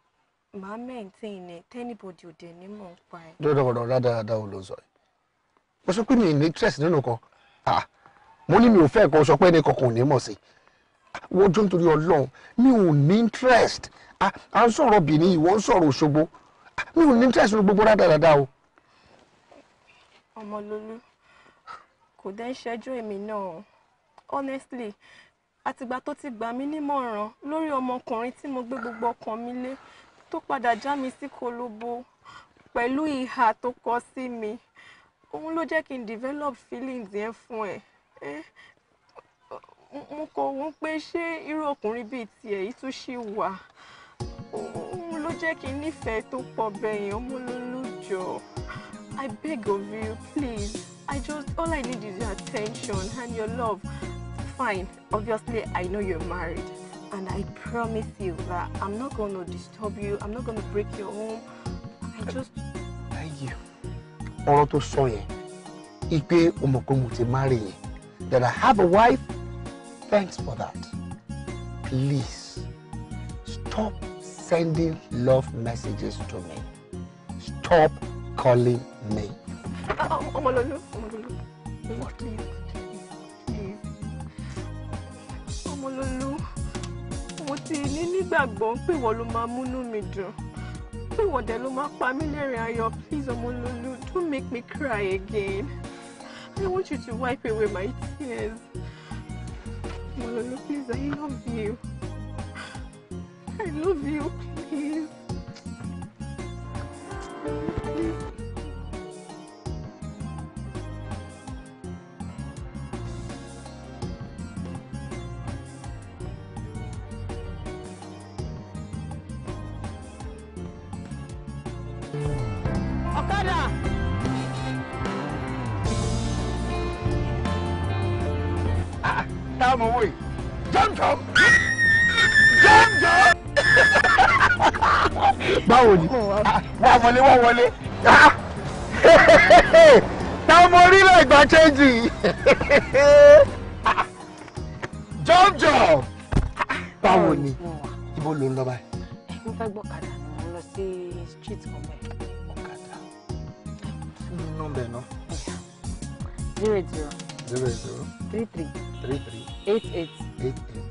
Speaker 3: màá maintain ẹ anybody òde ní mò ń pa ẹ.
Speaker 2: dọ́dọ̀ ọ̀rọ̀ rádaràda ò ló sọ yìí mo sọ pé mi ní interest nínú kan mo ní mi ò fẹ́ kan sọ pé ẹnì kankan ò ní mọ̀ sí wọ́n jọ nítorí ọlọ́run mi ò ní interest à ń sọ̀rọ̀ Benin ìwọ ń sọ̀rọ̀ Òṣogbo mi ò ní interest nínú gbogbo rádaràda o.
Speaker 3: ọmọlólú kò dẹ́ ṣẹ́jú èmi náà honestly àtìgbà tó ti gbà mí nímọ̀ràn lórí ọmọkùnrin tí mo gbé gbogbo ọkàn mi lé tó padà já mi sí kolobo pẹ̀lú ìhà tó kọ sí mi òun ló jẹ́ kí n develop feelings yẹn fún ẹ mo kò wọ́n pé ṣé irú ọkùnrin bíi tiẹ̀ yìí tún ṣì wà òun ló jẹ́ kí n nífẹ̀ẹ́ tó pọ̀ bẹ́yẹn ọmọ lólùjọ I beg of you please I just all I need is your attention and your love fine. Obviously, I know you're married. And I promise you that I'm not going to disturb you. I'm not going to break
Speaker 2: your home. I just... Thank you. Ọ̀rọ̀ tó sọ yẹn, ipe òmùkòmù ti marry yẹn. That I have a wife, thanks for that. Please, stop sending love messages to me. Stop calling me.
Speaker 6: Ah, ah, Ọmọlọ́lọ́.
Speaker 3: èmi nígbàgbọ́ pé ìwọ ló máa múnú mi dùn pé ìwọ dẹ̀ ló máa pa mí lẹ́rìn ayọ̀ please Ọmọlúlú don't make me cry again I want you to wipe away my tears Ọmọlúlú please I love you I love you please.
Speaker 2: wọlé wọ́n wọlé táwọn ọmọ orílẹ̀ ìgbà chẹ́ǹjì [LAUGHS] jọ́jọ́ báwo ni ibo ló ń lọ báyìí.
Speaker 5: mo fẹ́ gbọ́kadà mo
Speaker 4: lọ sí street kan bẹ́ẹ̀. ọ̀kadà
Speaker 2: ní nọ́mbà náà. zero eight zero. zero eight zero. three three. three three. eight eight. eight eight.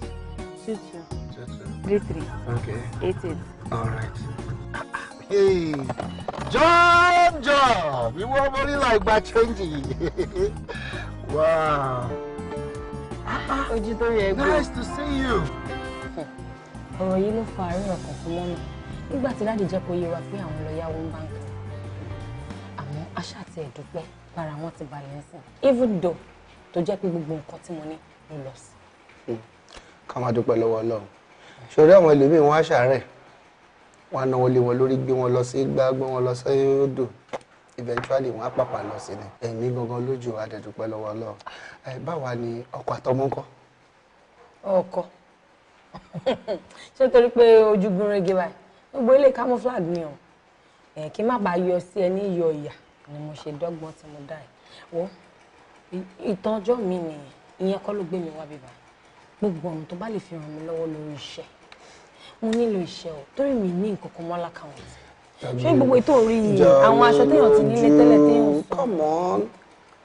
Speaker 5: two two. two two. three three. okay. eight eight.
Speaker 2: all right. [LAUGHS] John John ìwọ ọmọrin láì gba change [LAUGHS] wow.
Speaker 4: [LAUGHS] ojú tó nice to see you. ọ̀rọ̀ yìí ló fa àárín ọkàn fún mọ́mí nígbà tí láti jẹ́ kó yé wa pé àwọn lọ yáwó ń báńkì àmọ́ aṣáà ti ẹ̀dúpẹ́ para wọn ti balẹ̀ ń
Speaker 3: even though tó jẹ́ pé gbogbo nǹkan tí mo ní ló lọ sí.
Speaker 2: Hmm. ká máa dúpẹ́ lọ́wọ́ ọlọ́run ṣòro àwọn ẹlòmíín wọn á ṣàárẹ̀ wọ́n á náwó lé wọn lórí gbé wọn lọ sí gbá gbé wọn lọ sí odò eventually wọ́n á pàpà lọ sí ni ẹ̀mí gangan lójú adẹ̀dùpẹ́ lọ́wọ́ lọ ẹ báwa ni ọkọ àtọmọ ńkọ́. ọkọ
Speaker 3: [LAUGHS] ṣé torí pé ojú gúnrégé báyìí gbogbo ilé camouflage ni o
Speaker 4: ẹ kí n má bàa yọ sí ẹ ní yọ ìyà ni mo ṣe dọ́gbọ́n tí mo dá ẹ wọ ìtàn mi nìyẹn ìyẹn kọ́ ló gbé mi wá bíbá gbogbo ọ̀nà tó bá lè fi ràn mí lọ́wọ́ lórí iṣẹ́ mo nílò iṣẹ́ o torí mi ní nǹkan kan mọ́ lákàwọn
Speaker 2: ṣé gbogbo ètò orí yìí àwọn aṣọ téèyàn ti nílé tẹ́lẹ̀ téèyàn sọ.
Speaker 4: come on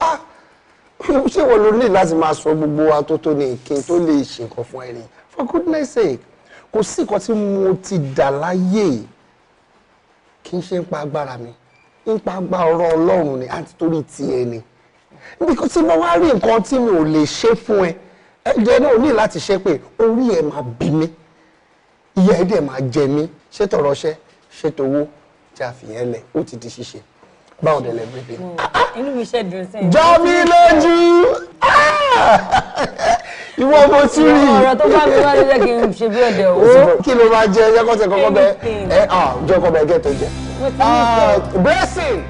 Speaker 4: ah
Speaker 2: [LAUGHS] ṣé wọn ló ní láti máa sọ gbogbo wa tó tó ní ìkin tó lè ṣe nǹkan fún ẹni for goodness sake kò sí nǹkan tí mo ti dà láyé kì í ṣe ń pa agbára mi ń pa agbára ọ̀rọ̀ Ọlọ́run ni àti torí tiẹ̀ ni níbi tí mo wá rí nǹkan tí mi ò lè ṣe fún ẹ ẹ jẹ náà ní láti ṣe pé orí ẹ máa bí mi ìyá ẹ̀ dẹ̀ máa jẹ mí ṣètò ọ̀rọ̀ṣẹ́ ṣètò owó tí a fi yẹn lẹ̀ ó ti di ṣíṣe báwo dẹ̀ lẹ́gbẹ́ dé.
Speaker 3: inú mi ṣe dùn sí i. jọ mi lójú
Speaker 2: ah! ìwọ ọmọ tí rí i. ọ̀rọ̀ tó bá mi wá lójú kí n ṣe bí ọ̀dẹ̀ o. kí ló máa jẹ ẹjẹ kọ́sẹ̀ kọ́kọ́ bẹ ẹ ah, jọ kọ́ bẹ gẹ́tọ̀ jẹ. Ah, blessing.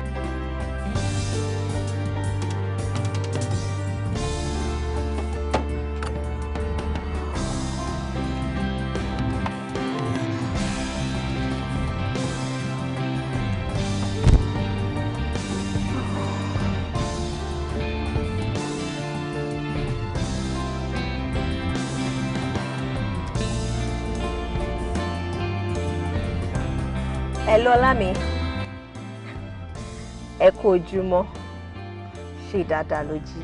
Speaker 3: ọlá mi ẹ kú ojúmọ́ ṣe
Speaker 2: dáadáa ló jí.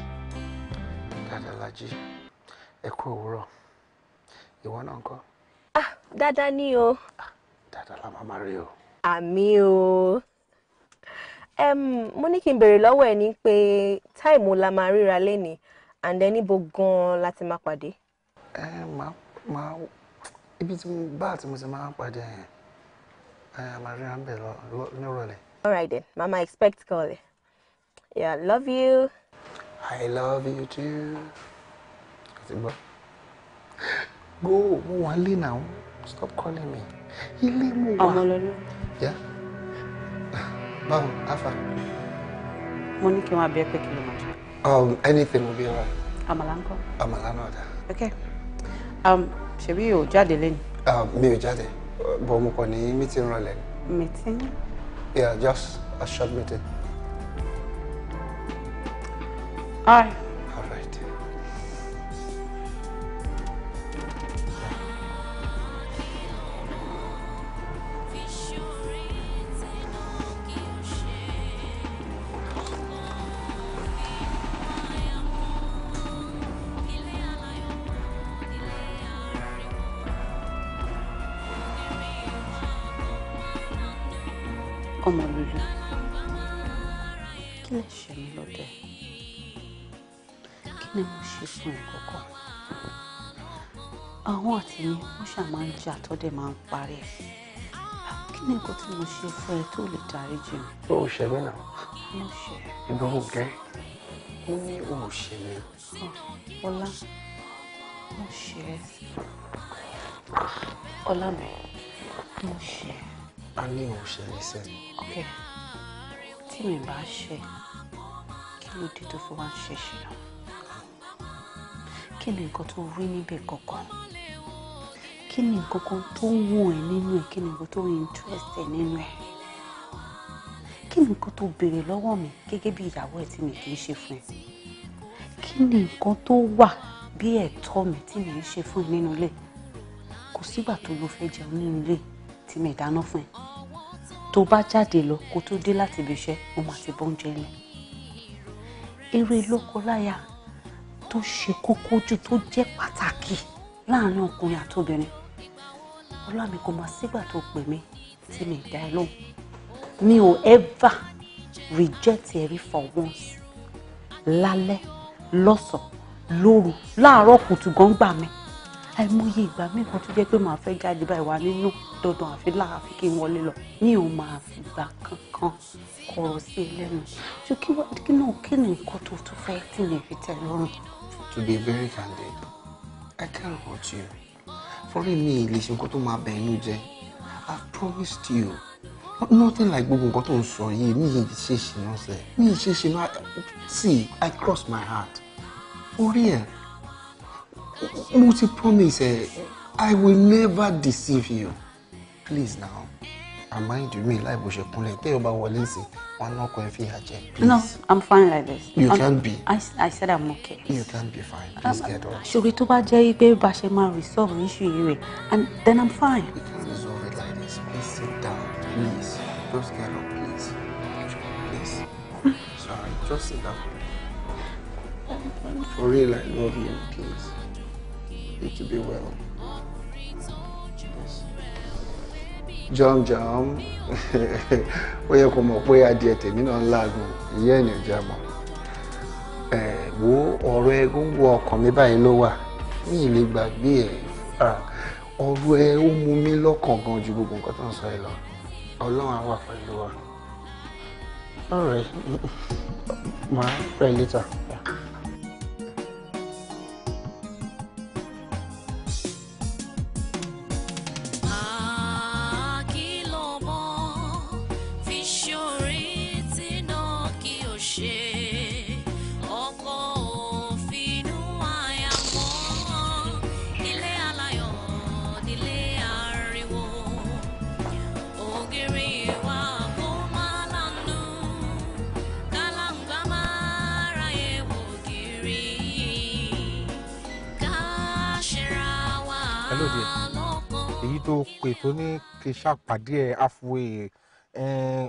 Speaker 2: dáadáa la jí ẹ kú òwúrọ̀ ìwọ náà ń kọ́.
Speaker 3: ah dáadáa ni o. Ah,
Speaker 2: dáadáa la máa rí o.
Speaker 3: àmì o um, mo ní kí n béèrè lọ́wọ́ ẹ ní pé táìmù la máa ríra lẹ́nìí and then níbo gan-an láti máa pàdé. ẹ
Speaker 2: máa ibi tí mo bá àti mo ti máa ń pàdé yẹn Maria
Speaker 3: all right then mama expect calling. yeah love you.
Speaker 2: i love you too. àti gbọ́ go mo now stop calling me
Speaker 4: ilé mo wà. ọmọ lọlọ. yá báwo afa. Money ní kí n wá
Speaker 2: um anything will be alright. àmàlà ńkọ́. àmàlà náà
Speaker 4: okay um ṣebí o jáde lẹ́nu.
Speaker 2: Um, mi ò jáde bọ̀ mo kàn ní meeting rànlẹ̀. meeting. yeah just a short meeting.
Speaker 4: all right. ṣáà máa ń jà tó dẹ̀ máa ń parí ẹ̀ kí ni nǹkan tí mo ṣe fún ẹ tó lè dárí jì
Speaker 2: o ó ṣe mí náà ìdánwò gẹ́
Speaker 4: ó ní ó ṣe mí. ọlá mo ṣe é ọlá mi mo ṣe é.
Speaker 2: a ní ò ṣe
Speaker 5: é sẹ́yìn.
Speaker 4: ok tí mi bá ṣe kí ló dé tó fi wá ń ṣe ṣìnà kí ni nǹkan tó rí níbẹ̀ kankan kí ni nǹkan kan tó ń wù ẹ́ nínú ẹ̀ kí ni nǹkan tó ń interest ẹ̀ nínú ẹ̀ kí ni nǹkan tó béèrè lọ́wọ́ mi gẹ́gẹ́ bí ìyàwó ẹ̀ tí mi kì í ṣe fún ẹ kí ni nǹkan tó wà bí ẹ̀tọ́ mi tí mi ń ṣe fún ẹ nínú ilé kò sígbà tó lọ fẹ́ jẹun nínú ilé tí mi dáná fún ẹ tó bá jáde lọ kó tó dé láti ibi iṣẹ́ mo máa ti bọ́únjẹ lẹ eré lọ́kọláya tó ṣe kókó jù tó jẹ́ pàtàkì láàárín ọkùnrin àtobìnrin Ọlọ́run kò mọ̀ sígbà tó pè mí tí mi dá ẹ lóhùn mi ò ever reject ẹ for once lálẹ́ lọ́sàn-án lóru láàárọ̀ kùtù gan gbà àìmọye ìgbà míì kan tó jẹ́ pé màá fẹ́ jáde báyìí wá nínú dandan àfi láàfin kí n wọlé lọ mi ò máa fìgbà kankan kọ̀rọ̀ sí ẹlẹ́nu ṣé kí náà kí ni nǹkan tó tó fẹ́ tì mí fi tẹ̀ lọ́rùn. To be very candid, I can't hurt you
Speaker 2: forí mi lè ṣe nǹkan tó máa bẹ̀ inú jẹ́ I promised you nothing like gbogbo nǹkan tó ń sọ yìí mi yìí ṣe ṣìnà sẹ mi yìí ṣe ṣìnà see I cross my heart orí ẹ mo ti promise ẹ I will never deceive you please now àmáyìndì mi láì bó ṣe kúnlẹ̀ téèyàn bá wọlé sí wọn náà kọ ẹ fi hà jẹ. no
Speaker 4: i'm fine like this. you I'm, can be. I, i said i'm okay.
Speaker 2: you can be fine please ah, get up.
Speaker 4: ṣòrí tó bá jẹ́ pé bá ṣe máa resolve issue yìí and then i'm fine. We
Speaker 2: can resolve it like this please sit down please just get up please please [LAUGHS] sorry just sit down. for real i love you please it will be well. jọmjọm ó yẹ kó mọ̀ pé adìẹ tèmi náà ń láàgùn ìyá ẹ̀ ní ọjà mọ̀ ẹ̀ wo ọ̀rọ̀ egungun ọkàn mi báyìí ló wà mí ì lè gbàgbé ẹ̀ ọ̀rọ̀ ẹ̀ ó mú mi lọ́kàn gan ju gbogbo nǹkan tó ń sọ ẹ lọ ọlọ́run á wà wa all right [LAUGHS] ma pray
Speaker 7: pè tó ní kí ṣàpàdé ẹ̀ halfway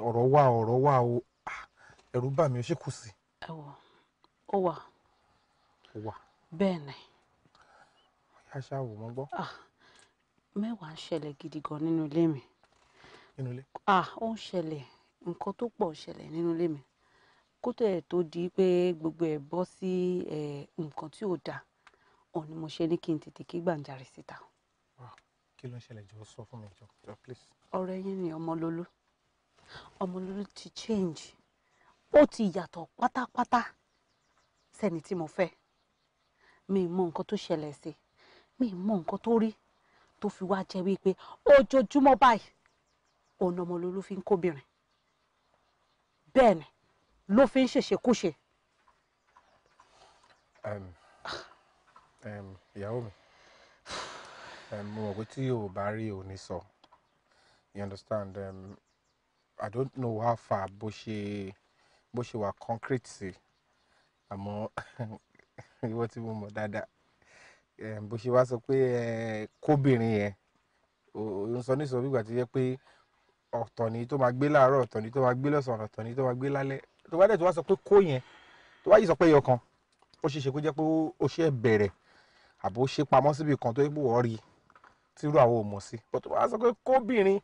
Speaker 7: ọ̀rọ̀ wà ọ̀rọ̀ wà o ah, ẹ̀rù bà mí ó ṣe kù sí.
Speaker 4: ẹ wọ ó wà. ó wà. bẹ́ẹ̀ ni.
Speaker 7: ọ̀yá ṣáàwò mo gbọ́.
Speaker 4: Ah, mẹ́wàá ń ṣẹlẹ̀ gidi gan nínú ilé mi. nínú ilé. Ah, ó ń ṣẹlẹ̀ nǹkan tó pọ̀ ń ṣẹlẹ̀ nínú ilé mi kó tẹ̀ tó di pé gbogbo ẹ̀ bọ́ sí nǹkan tí ò dáa òun ni mo ṣe ní kí n tètè kí gbàǹjarè síta
Speaker 7: kí ló ń ṣẹlẹ̀ jọ sọ fún mi jọ jọ please.
Speaker 4: ọ̀rẹ́ yín ni ọmọlolú ọmọlolú ti change ó ti yàtọ̀ pátápátá sẹ́ni tí mo fẹ́ mi mọ nǹkan tó ṣẹlẹ̀ sí mi mọ nǹkan tó rí tó fi wá jẹ́ wípé ojoojúmọ́ báyìí òun ọmọlolú fi ń kóbìnrin bẹ́ẹ̀ ni ló fi ń ṣèṣekúṣe.
Speaker 7: ìyàwó mi mo mọ̀ pé tí o ò bá rí o ní sọ. You understand? Um, I don't know how far bó ṣe, bó ṣe wà concrete sí, àmọ́ [LAUGHS] ìwọ tí mo mọ̀ dáadáa, um, bó ṣe wá sọ pé ẹ kóbìnrin yẹn, ò ń sọ nísọ bí ìgbà tí jẹ́ pé ọ̀tọ̀ ni tó máa gbé láàárọ̀, ọ̀tọ̀ ni tó máa gbé lọ́sàn-án, ọ̀tọ̀ ni tó máa gbé lálẹ́. Tó bá dẹ̀ tún wá sọ pé kó yẹn, tó bá sì sọ pé ẹyọ ó ṣe é ṣe kó jẹ́ pé ó ṣe é bẹ̀rẹ̀ àbí ṣe pamọ́ síbi kan tó jẹ́ pé ìwọ rí i tírú àwọn ò mọ̀ sí bó tó bá sọ pé kóbìnrin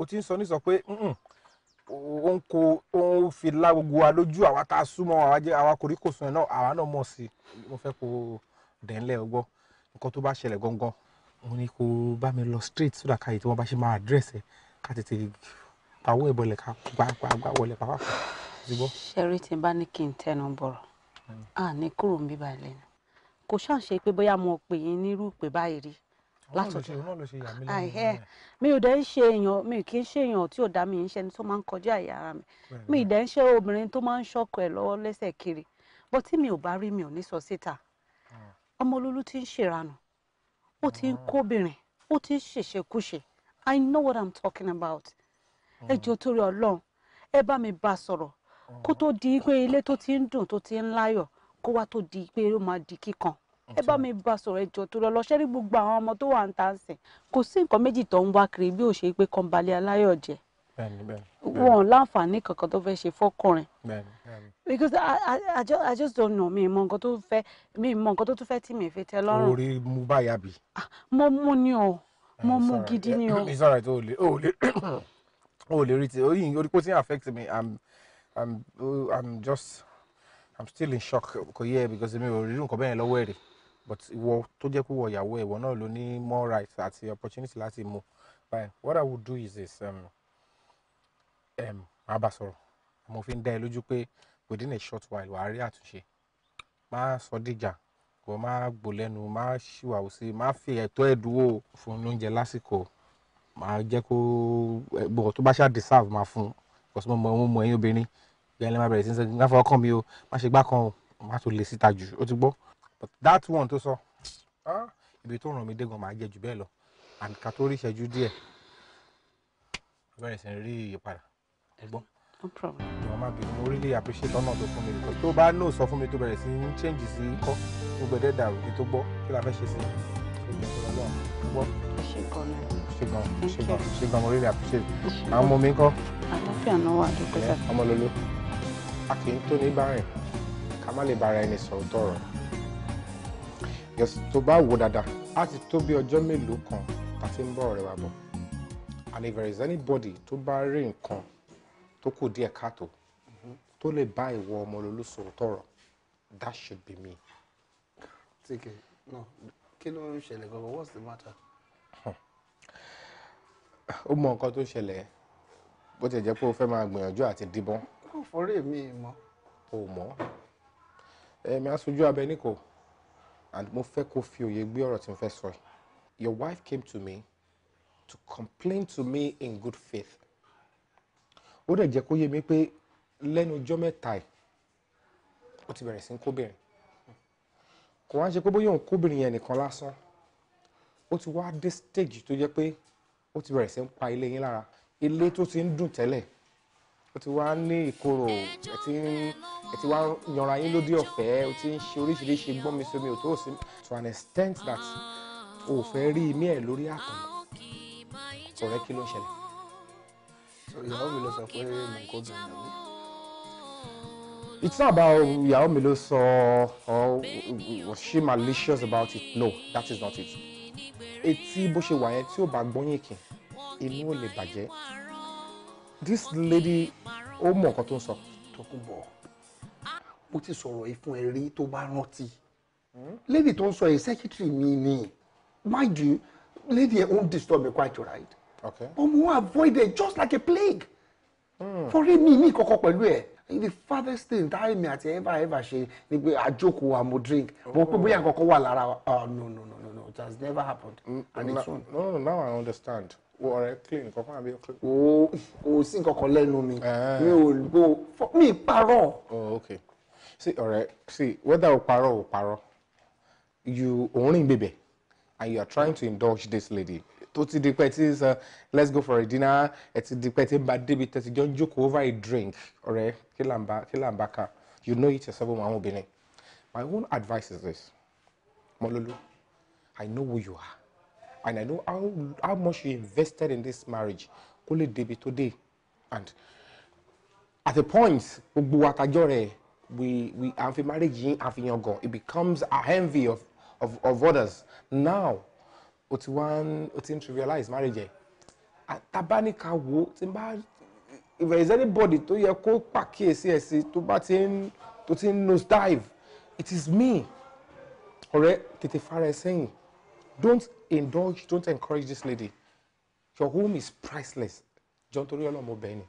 Speaker 7: o ti ń sọ ní sọ pé ó ń ko ó ń fi lá gbogbo wa lójú àwa tá a súnmọ́ àwa kòríkòsùn ẹ̀ náà àwa náà mọ̀ sí mo fẹ́ kó dẹ̀ńlẹ̀ ọgbọ́ nǹkan tó bá ṣẹlẹ̀ gangan mo ní kó bá mi lọ straight sódà káyè tí wọ́n bá ṣe máa address ẹ̀ ká tètè pawọ́ ìbọlẹ̀ ká gbàgbà wọlé pàápàá.
Speaker 4: ṣeré tí n bá ní kí n tẹnu bọ̀rọ̀ à hmm. ní kúrò ń bíbá ẹ̀ lẹ́nu kò ṣàǹṣe pé bóyá mo pè yín nírú ìpè báyìí rí látọ̀dọ̀ àìhẹ́ mi ò dẹ̀ ń ṣe èèyàn mi kì í ṣe èèyàn tí ò dá mi ń ṣe ẹni tó máa ń kọjá àyè ara mi mi ì dẹ̀ ń ṣe obìnrin tó máa ń ṣọ́kọ ẹ̀ lọ́wọ́ lẹ́sẹ̀ kiri bó tí mi ò bá rí mi ò ní sọ síta ah. Ọmọlúlú ti ń ṣèrànù ó ti ń ah. kóbìnrin ó ti ń ṣèṣekúṣe I know what I'm talking about ẹ ah. jọ̀ọ́ torí Ọlọ́run ẹ bá mi bá sọ̀rọ̀ kó tó di pé ilé tó ti ń dùn tó ti ń láyọ̀ kó wá tó di pé ó máa di kíkan ẹ bá mi bá sọ̀rọ̀ ẹjọ́ tó lọ lọ́ṣẹ́ rí gbogbo àwọn ọmọ tó wà ń ta sìn kò sí nǹkan méjì tó ń wá kiri bí ò ṣe pé kan balẹ̀ aláyọ̀ jẹ́ wọn láǹfààní kankan tó fẹ́ ṣe fọ́kùnrin because I, I, I, just, I just don't know mi mọ nǹkan tó fẹ́ mi mọ nǹkan tó tún fẹ́ tì mí fi tẹ́ lọ́rùn.
Speaker 7: orí mu báyà bí. Ah,
Speaker 4: mo mú ni o eh, mo mú gidi ni o. it's
Speaker 7: alright o le o le [COUGHS] o le rí ti oyin orí kó ti affect me i'm i'm i'm just i'm still in shock kò yẹ because èmi ò rí nǹkan bẹ́ẹ̀ lọ́wọ́ ẹ̀rì but ìwọ tó jẹ́ pé wọ ìyàwó ìwọ náà ló ní more rights àti opportunity láti mú báyìí what I would do is this máa um, um, bá sọ̀rọ̀ mo fi ń dá ẹ lójú pé within a short while wàá rí àtúnṣe má sọ dìjà kò má gbò lẹ́nu má ṣìwà òsì má fi ẹ̀tọ́ ẹ̀ dúró fún oúnjẹ lásìkò máa jẹ́ kó bọ̀ tó bá ṣáà deserve máa fún because mo mọ ohun mọ ẹyin obìnrin bí ẹni máa bẹ̀rẹ̀ sí ń sẹ́yìn láfọwọ́kàn mi o má ṣe gbá kan o má tó lè síta jù ó ti gbọ́ that one tó sọ ah, ibi tó ràn mí dé gan máa jẹ jù bẹ́ẹ̀ lọ and ká tó rí ìṣẹ́jú díẹ̀ bẹ̀rẹ̀ sí ń rí ìyípadà ẹ gbọ́. no problem. ìwọ máa bínú mo really appreciate ọ̀nà tó fún mi because tó bá no sọ fún mi tó bẹ̀rẹ̀ sí ń change sí kọ́ tó gbẹ̀dẹ̀ dàrú kí tó gbọ́ kí la fẹ́ ṣe sí i ṣe gbọ́ gbọ́. ṣe gan ṣe gan ṣe gan ṣe gan mo really appreciate àwọn ọmọ mi kọ́. àlàáfíà náà wà dúpẹ́ sáà. ọmọ lolo a kì í tó ní bá rìn ká má lè bára ẹni sọ̀rọ̀ tọ̀rọ̀ yes tó bá wò dáadáa á ti tó bí ọjọ́ mélòó kan tá ti ń bọ̀ ọ̀rẹ́ wa bọ̀ and if there is anybody tó bá rí nǹkan tó kù díẹ̀ káàtó tó lè bá ìwọ ọmọ olólùsọ tọrọ that should be me.
Speaker 2: tíkẹ́ náà kí ló ń ṣẹlẹ̀ gbọ́dọ̀ what's the matter.
Speaker 7: ó mọ nǹkan tó ń ṣẹlẹ̀ bó ti jẹ́ pé o fẹ́ máa gbìyànjú àti díbọ́n.
Speaker 2: kò forí mi mọ́.
Speaker 7: o mọ̀ ẹ̀mí aṣojú abẹ ní kò and mo fẹ́ kó fi òye gbé ọ̀rọ̀ tí mo fẹ́ sọ yìí your wife came to me to complain to me in good faith ó dẹ̀ jẹ́ kó yé mi pé lẹ́nu ọjọ́ mẹ́ta ẹ̀ ó ti bẹ̀rẹ̀ sí ń kóbìnrin kò wá ń ṣe pé bóyá òun kóbìnrin yẹn nìkan lásán ó ti wá dé stage tó jẹ́ pé ó ti bẹ̀rẹ̀ sí ń pa ilé yín lára ilé tó ti ń dùn tẹ́lẹ̀ ó ti wá ní ìkorò ẹ ti wá yanra yín lóde ọ̀fẹ́ ó ti ń ṣe oríṣiríṣi gbọ́n sómi ò tó sí to an extent that o fẹ́ rí imí ẹ̀ lórí àtàn ọ̀rẹ́ kí ló ń ṣẹlẹ̀.
Speaker 2: ìyàwó mi ló sọ pé mò ń kó bẹ̀rẹ̀ mi.
Speaker 7: It's not about ìyàwó mi ló sọ oh, was she malicious about it? No, that is not it. etí bó ṣe wà yẹn tí ò bá gbọ́yìn kì í inú ò lè bàjẹ́ this lady ó mọ nǹkan tó ń sọ. Tókunbọ̀ mo ti sọ̀rọ̀ yìí fún ẹ rí
Speaker 2: tó bá rántí hmm? lady tó ń sọ yìí secretary mi ni mind you lady ẹ won't disturb me quite right okay. but mo avoid it just like a plague torí hmm. mi ní ìkọ̀kọ̀ pẹ̀lú ẹ̀ the farthest thing táyé mi àti ever ever ṣe ni pé àjókòó àmọ́ drink mo pé bóyá nǹkan kan wà lára
Speaker 7: oh, no no no no no it has never happened mm, and it's on. no no now I understand ọ̀rẹ́ clean nǹkan fún àbí o clean. o o sí nǹkan kan lẹ́nu mi ah. mi ò gbó mi parọ́. oh okay see ọ̀rẹ́ see whether o parọ́ o parọ́ you òórìn bèbè and you are trying to indulge this lady tó ti di pẹ́ tí ń sọ let's go for a dinner ẹ ti di pẹ́ tí ń ba débi tẹ́tí jọ ń jókòó over a drink ọ̀rẹ́ kí là ń bá kí là ń bá ká you know it yourself àwọn obìnrin my own advice is this Mọ́lólú I know who you are and I know how how much you invested in this marriage kó lè today, and at the point we wa tajọ we we àfi marriage yín àfihàn gan it becomes a envy of of of others now o one wá o trivialize marriage yẹn tabanika wo ti if there is anybody to yẹ kó pàkíyèsí ẹ̀ sí tó bá ti ń tó nose dive it is me ọ̀rẹ́ Tete fara saying, don't indulge don't encourage this lady your home is priceless jọ nítorí ọlọ́mọ bẹ́ẹ̀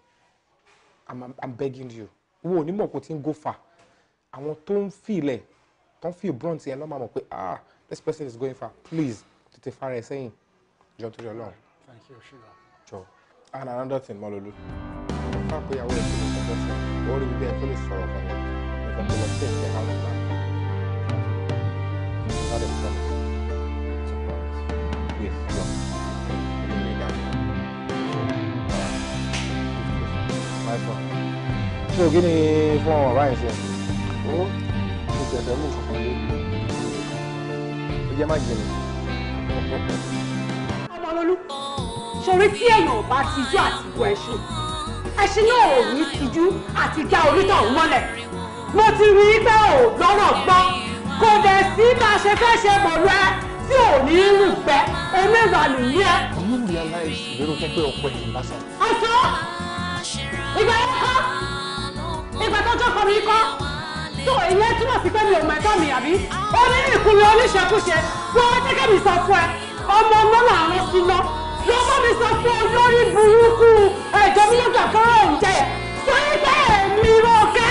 Speaker 7: i'm i'm begging you wo onímọ̀ kò tí ń go far I want ń feel. ilẹ̀ tó ń fi brunt yẹn lọ́mọ àmọ̀ ah this person is going far please tètè fara ẹ̀ Saying, jọ nítorí ọlọ́run. thank you sugar. jọ and another thing Malulu. fún àpéyàwó ẹ̀ tó ń bọ̀ fún ọ orí bíbí ẹ̀ tó lè sọ̀rọ̀ fún ẹ̀ nígbà tó lọ sí ẹ̀ṣẹ̀ ṣé o kí ni fún ọmọ bàbá yẹn ṣe ó mo tẹ̀sẹ̀ mú nǹkan lé ó jẹ́ má jẹ̀lẹ̀.
Speaker 4: ọmọlólú ṣorí tí èèyàn bá tijú àti bọ ẹṣin ẹṣin náà ò ní tijú àti já onítàn mọ́lẹ̀ mo ti rí i pé ò lọ́rọ̀ gbọ́ kò dẹ̀ sí bá a ṣe fẹ́ ṣe pẹ̀lú ẹ tí ò ní rìn pẹ́ eléwà nìyí ẹ.
Speaker 2: you realize ìlérò fẹ́ pé ọkọ ẹ̀ ń bá sọ.
Speaker 4: ọ̀sán ìgbà yẹn kọ́ mi kọ́ tó ìyẹn túmọ̀ sí pé mi ò ẹ̀tọ́ mi àbí ó ní ìkùnrin oníṣekúṣe wọ́n jẹ́ kí sọ fún ẹ ọmọ ọmọ làwọn sí lọ lọ bá mi sọ fún ọ lórí burúkú ẹ̀jẹ̀ mi lọ́gbà fọ́rọ̀ òǹjẹ́ yẹ sọ́yìn pé èmi Ronke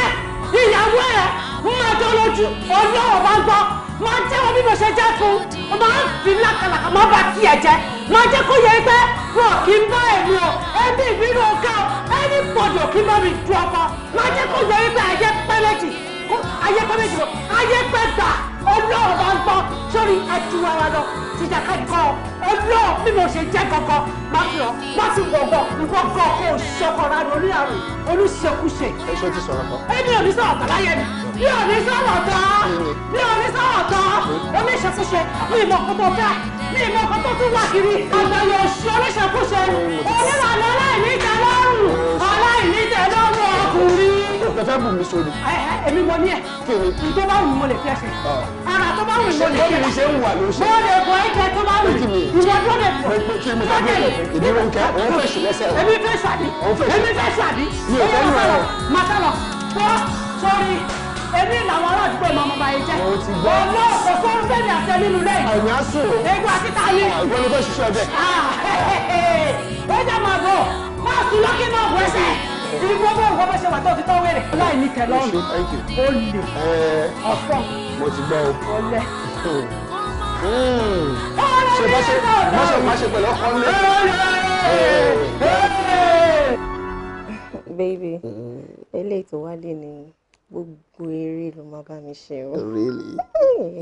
Speaker 4: ìyàwó ẹ̀ máa jọ lójú ọlọ́wọ́ bá ń gbọ́ máa jẹ́wọ́ bí mo ṣe jẹ́ fún un máa ń fi lákàlàkà máa bá tiẹ̀ jẹ́ máa jẹ́ kó yẹ pé bọ́dì òkè ju ọkọ máa jẹ́ kó yẹ wípé ayé pẹ́ ayé pẹ́ lọ ayé pẹ́ gbà ọlọ́run máa ń gbọ́ sórí ẹtù ara lọ jíjà ká gbọ́ ọlọ́run bí mo ṣe jẹ́ kankan máa fi ọ máa fi wọ̀gbọ̀ ìwọ gan kó o ra ní àrùn olùṣekúṣe. ẹṣọ ti sọ̀rọ̀ kan. èmi ò ní sọ̀rọ̀ kan mi mi ò ní sọ̀rọ̀ tán mi ò ní sọ̀rọ̀ tán oníṣekúṣe mi ìmọ̀ kan tó fẹ́ mi ìmọ̀ kan tó tún wà kiri àgbáyé òṣì oníṣekúṣe onírànlọ́lá ìníjà
Speaker 5: lọ́rùn
Speaker 4: tẹfẹ́ bù mí sórí. èmi mo ní ẹ tó bá wù mí mo lè
Speaker 5: fi ẹsẹ̀ ah. ara tó bá wù mí mo lè fi ẹsẹ̀ ṣe
Speaker 4: ń wà ló ṣe. mo lè bọ ẹ̀jẹ̀ tó bá wù mí ìwọ tó lè bọ. kí ni mo fẹ́ bẹ̀rẹ̀ èmi ò ń kẹ́ òun fẹ́ sùn lẹ́sẹ̀ rẹ̀. èmi fẹ́ sàbí èmi fẹ́ sàbí mi ò fẹ́ nù ẹ̀ màtàlọ́ bọ́ sórí èmi làwọn ará àdúgbò ah, ah, máa mọ báyìí jẹ ọlọ òkú fẹmi àtẹ nínú lẹ́yìn àyàn sùn egun àti tani ìwọ ni bó ṣiṣẹ́ ọdẹ. ó jẹ́ màgbọ́ máa sùn lókè máa wọ ẹsẹ̀ ibi gbogbo nǹkan bá ṣe wà tó ti tọ́ wẹ̀rẹ̀ láì ní tẹ̀lọ́rùn ó lè
Speaker 2: ọ̀fọ̀ mo ti gbọ́ ọlẹ́. ṣe bá ṣe má ṣe
Speaker 3: má ṣe pẹ̀lú ọkọ lé. baby eléyìí tó wálé ni gbogbo eré ló máa bá mi ṣe o. really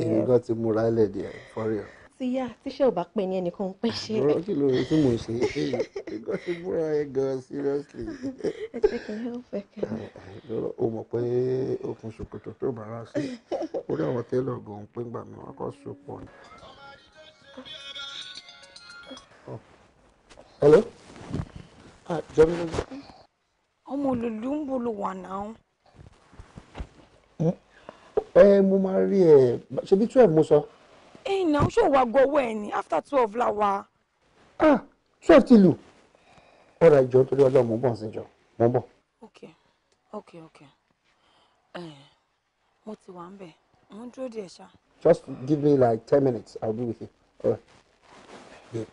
Speaker 3: èmi
Speaker 2: gan ti múra ẹlẹ́dẹ̀ẹ́ for real
Speaker 3: ti yá tíṣẹ́ ò bá pè ní ẹnìkan ń pẹ́
Speaker 2: ṣe. ọ̀rọ̀ kí ló rí tí mò ń ṣe ṣe nǹkan ṣe búra ẹ gan seriously. ẹ jẹ́ kí n help ẹ kẹ́lẹ́. Ah, ah, o mọ̀ pé okùn ṣòkòtò tó bára sí orí àwọn tẹ́lọ̀ gan pé ńgbà mi wọ́n kọ́ sopọ̀ ni. Ah, hello Ah, mi lójú.
Speaker 4: ọmọ olùlú ń bolo wà náà
Speaker 2: ẹ hmm? eh, mo máa rí ẹ ṣebí twelve mo sọ. So
Speaker 4: ẹ̀yìn náà ṣé òwà gọwọ́ ẹ̀ ni after twelve la wa.
Speaker 2: ah twelve ti lù ọ̀rọ̀ ìjọ torí ọlọ́run mo ń bọ̀ sí ìjọ mo ń bọ̀.
Speaker 4: ok ok ok eh, mo ti wà ń bẹ̀ mo ń dúró díẹ̀ ṣá.
Speaker 2: just give me like ten minutes i'll be with you. All right.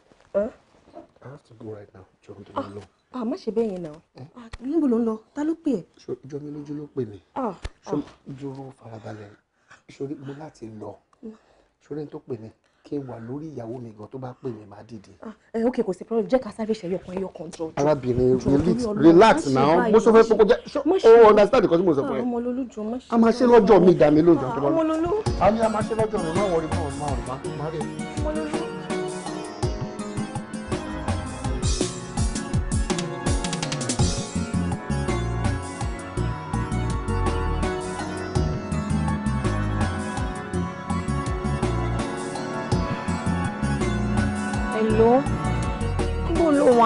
Speaker 2: i have to go right now jọ n tó ah, lọ lọ.
Speaker 3: Ah, a má ṣe bẹ́ẹ̀ yẹn náà eh? ah, níbo ló
Speaker 2: ń lọ ta ló pè ẹ́. ìjọ mi lójú ló pè mí. ìjọ ló farabalẹ̀ ìṣòro mo láti lọ ṣoré tó pè mí kí wà lórí ìyàwó mi gan tó bá pè mí máa dìde. ẹ ah,
Speaker 3: eh, ok kò sí problem jẹ́ ká sáré ṣẹ̀yọ̀ kan ẹyọ kan jọ. arábìnrin relax now mo sọ
Speaker 6: fẹ́ pọ́kọ́ jẹ́ o understand nǹkan tí mo sọ fún ẹ.
Speaker 2: Ah, a máa ṣe lọ́jọ́ mi dà mí lóòjọ́ tó bá lọ. a máa ṣe lọ́jọ́ mi máa wọrí fún ọ̀rọ̀ máa rí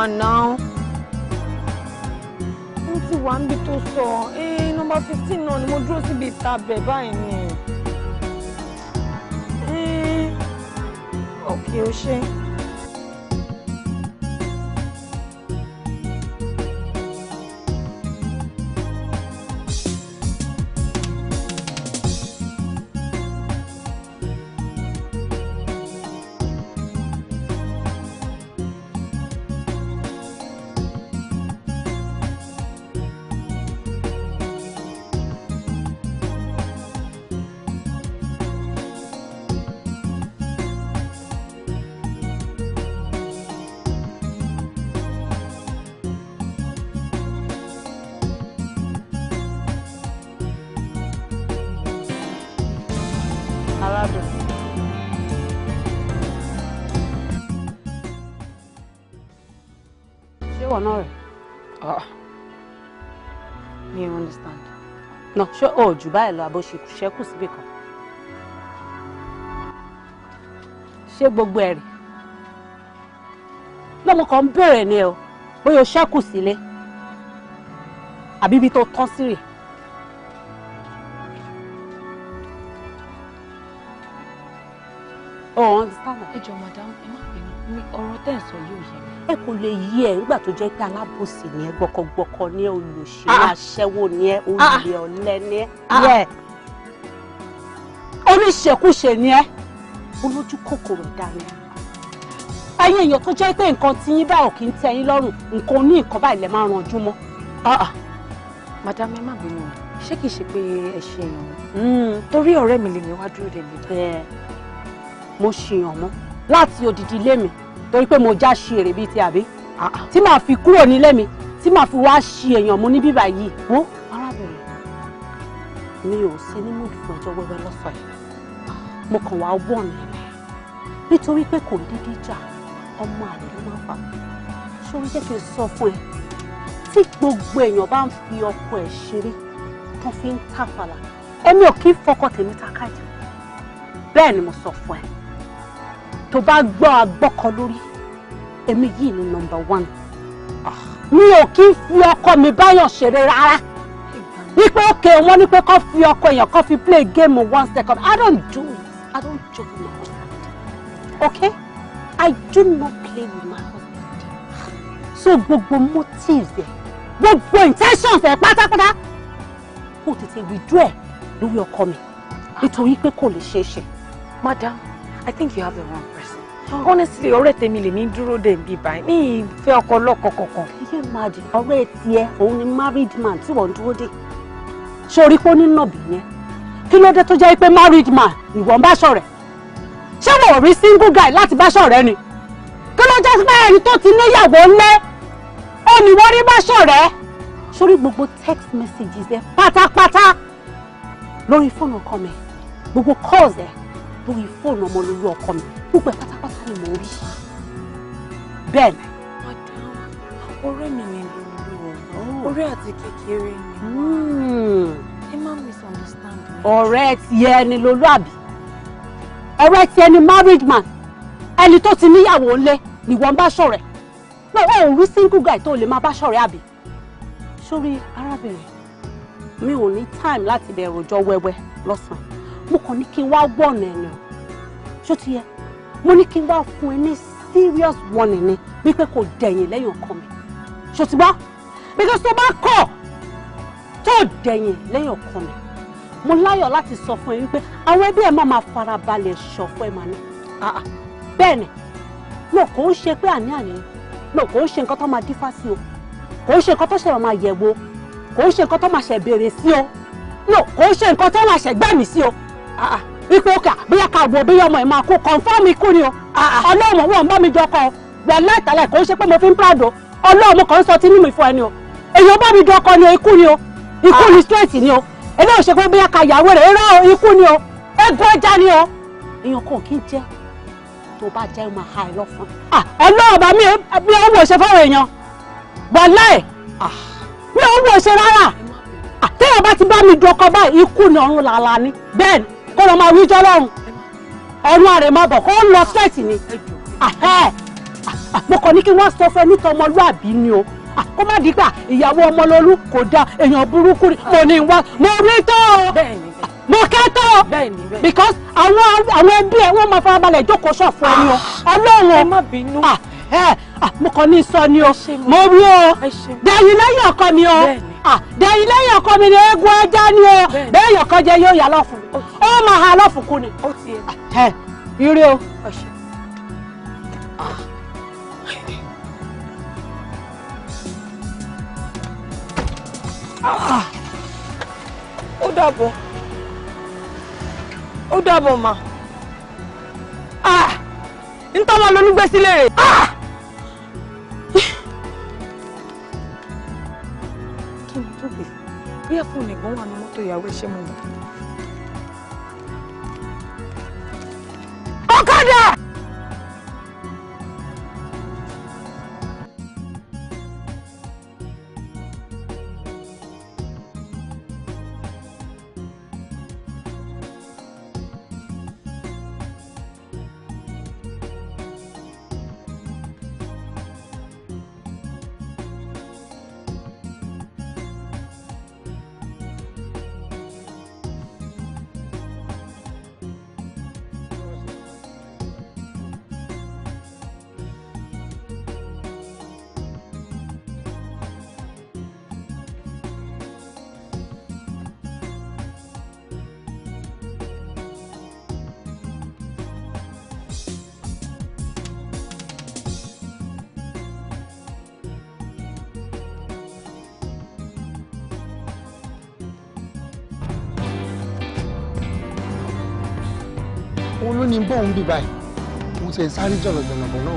Speaker 4: on now. Mo one wà níbi tó Eh, number fifteen náà ni mo dúró síbi ìta bẹ̀ báyìí ni. eh?
Speaker 3: Okay, ó
Speaker 4: náà ṣé o ò jù báyìí lọ àbò ṣẹ́kù síbì kan ṣé gbogbo ẹ̀ rè lọ́mọ kan ń bèrè ni o bóyá o ṣẹ́kù sílé àbí ibi tó tán sí rè. o oh, understand. ẹ jọ̀ọ́ madam ẹ má bínú mi ọ̀rọ̀ tẹ́ ẹ̀ sọ yóò yé mi ẹ kò lè yí ẹ nígbà tó jẹ́ pé alábòsí ni ẹ gbọkọgbọkọ ni ẹ olùṣe ah, ah. aṣẹ́wó ni ẹ ah, olè ọ̀lẹ ni ẹ oníṣekúṣe ni ẹ olójú kòkòrò dání ẹ̀yin èèyàn tó jẹ́ pé nǹkan tí yín báyọ̀ kì í tẹ́ yín lọ́rùn nǹkan ní nǹkan báyìí lẹ máa ranjú mọ́. madam ẹ má bínú ṣé kìí ṣe pé ẹ ṣe èèyàn hmm. torí ọ̀rẹ́ mi lèmi wá dúró dèmi. mo ṣèyàn mọ́ láti odidi ilé mi torí pé mo já ṣe èrè bíi ti àbí ah, ah. tí màá fi kúrò nílé mi tí màá fi wá ṣe èèyàn mú ní bíbá yìí wọ́n arábìnrin mi ò sí ní mood fún ẹjọ́ wẹ́wẹ́ lọ́sàn yìí mo kàn wá wọ̀ ní nítorí pé kò dídí jà ọmọ àlè ló máa fà sórí jẹ́ kí n sọ fún ẹ tí gbogbo èèyàn bá ń fi ọkọ ẹ̀ ṣeré tó fi ń tàfàlà ẹ̀mí ò kí fọkọ tèmi takájà bẹ́ẹ̀ ni mo sọ fún ẹ tó bá gbọ́ agbọ́kọ lórí èmi yìí ni nọmba one mi ò kí ń fi ọkọ mi báyọ̀ ṣeré rárá wípé òkè wọn ní pé kó fi ọkọ èèyàn kó fi play game one second i don't do it i don't joke with my husband okay i do not play with my husband so gbogbo motives ẹ gbogbo intentions ẹ pátápátá kò tètè withdraw ẹ lórí ọkọ mi nítorí pé kò lè ṣeé ṣe madam I think you have the wrong person. Oh. Honestly, ọ̀rẹ́ tèmi lèmi ń dúró dè bí báyìí. Mi fẹ́ ọkọ lọ́kọ kankan. Iye Madi, ọ̀rẹ́ tiẹ̀ òun ni married man tí wọ́n ń dúró dè. Sori pé ó ní nàbì yẹn. Kí ló dé tó jẹ́ pé married man ìwọ ń bá ṣọ̀rẹ́? Ṣé wò rí single guy láti bá ṣọ̀rẹ́ ni? Kí ló jẹ́ pé ẹni tó ti níyàwó ńlẹ́?
Speaker 5: Ó ní wọ́n rí bá ṣọ̀rẹ́.
Speaker 4: Sori gbogbo text messages ẹ pátápátá lórí fóònù ọkọ mi, gbogbo calls ẹ. Eh lórí fóònù ọmọ lórí ọkọ mi gbogbo pátápátá ni mò ń rí bẹ́ẹ̀ ni. ọ̀rẹ́ mi ni lòlú oh. ọ̀rẹ́ àti
Speaker 5: kékeré ni
Speaker 4: hmm.
Speaker 5: ẹ má misunderstand me.
Speaker 4: ọ̀rẹ́ tiẹ̀ ni lòlú àbí ọ̀rẹ́ tiẹ̀ ni married man ẹni tó ti níyàwó ńlẹ̀ nìwọ ń bá ṣọ̀rẹ́ náà wọn ò rí single guy tó lè máa bá ṣọ̀rẹ́ àbí sórí arábìnrin mi ò ní time láti bẹ̀rù ọjọ́ wẹ́wẹ́ lọ́sàn-án mo kàn ní kí n wá wọ̀nà ẹ̀nà ṣó ti yẹ mo ní kí n wá fún ẹ ní serious warning ni wípé kò dẹ̀yìn lẹ́yìn ọkọ mi ṣó ti bá because tó bá kọ̀ tó dẹ̀yìn lẹ́yìn ọkọ mi mo láyọ̀ láti sọ fún ẹ wípé àwọn ẹbí ẹ má máa farabalẹ̀ ṣọ̀fọ̀ ẹ máa ní bẹ́ẹ̀ ni náà kò ń ṣe pé àní àní náà kò ń ṣe nǹkan tó máa dífá sí o kò ń ṣe nǹkan tó ṣẹ̀wọ̀n máa yẹ̀wò kò ń ṣe nǹkan tó máa ṣẹ̀ béèrè sí o kò ń ṣe nǹkan tó máa ṣẹ̀ gbẹ̀mí sí o wípé ah, ah. ó kà bóyá ká wò bóyá ọmọ ẹ̀ máa kú confam ikú ni o ah, ọlọ́run wọn bá mi jọ kọ wà láìtàlẹ̀ kò ń ṣe pé mo fi ń proud o ọlọ́run kan ń sọ tí nínú ìfọ ẹni o èèyàn bá mi jọ kọ ni ikú ni o ikú ni straight ni o eléyìí ò ṣe pé bóyá ká yàwó rẹ̀ rárá o ikú ni o egun ẹja ni o èèyàn kan kì í jẹ́ tó bá jẹ́ máa ha ẹ lọ́fun. ọlọ́run mi mi ò wò ṣe fáwọn èèyàn wà ti bá mi dọkọ báyìí ikú ni ọ̀run kó lọ máa wí tọ́lọ́run ẹnu àrè máa bọ̀ kó lọ straight ni mo kàn ní kí wọ́n sọ fẹ́ nítorí ọmọlúàbí ni o kó má dìgbà ìyàwó ọmọlọ́lú kò dáa èèyàn burúkú ni mo ní wá mo rí tó o mo kẹ́tọ̀ because àwọn ẹbí ẹ wọ́n máa farabalẹ̀ jókòó ṣọ̀fọ̀ ẹni o ah, ọlọ́run ah, ẹ mo kàn ní sọ ni o mo wí o dẹ̀yìn lẹ́yìn ọkọ mi o dẹ̀yìn lẹ́yìn ọkọ mi ni eégún ajá ni o bẹ́ẹ̀ yọkọ jẹ yóò yà lọ́fun mi ó máa ha lọ́fun kú ni ire o. ó dàbọ̀ ó dàbọ̀ mà ntọ́mọ lónúgbèsílẹ̀ rẹ̀. ṣẹ́kùn nìkan wà ní mọ́tò ìyàwó ẹ̀ ṣé
Speaker 2: bóun bí báyìí mo ṣe ń sáré jọ̀lọ̀jọ̀lọ̀ bọ̀ náà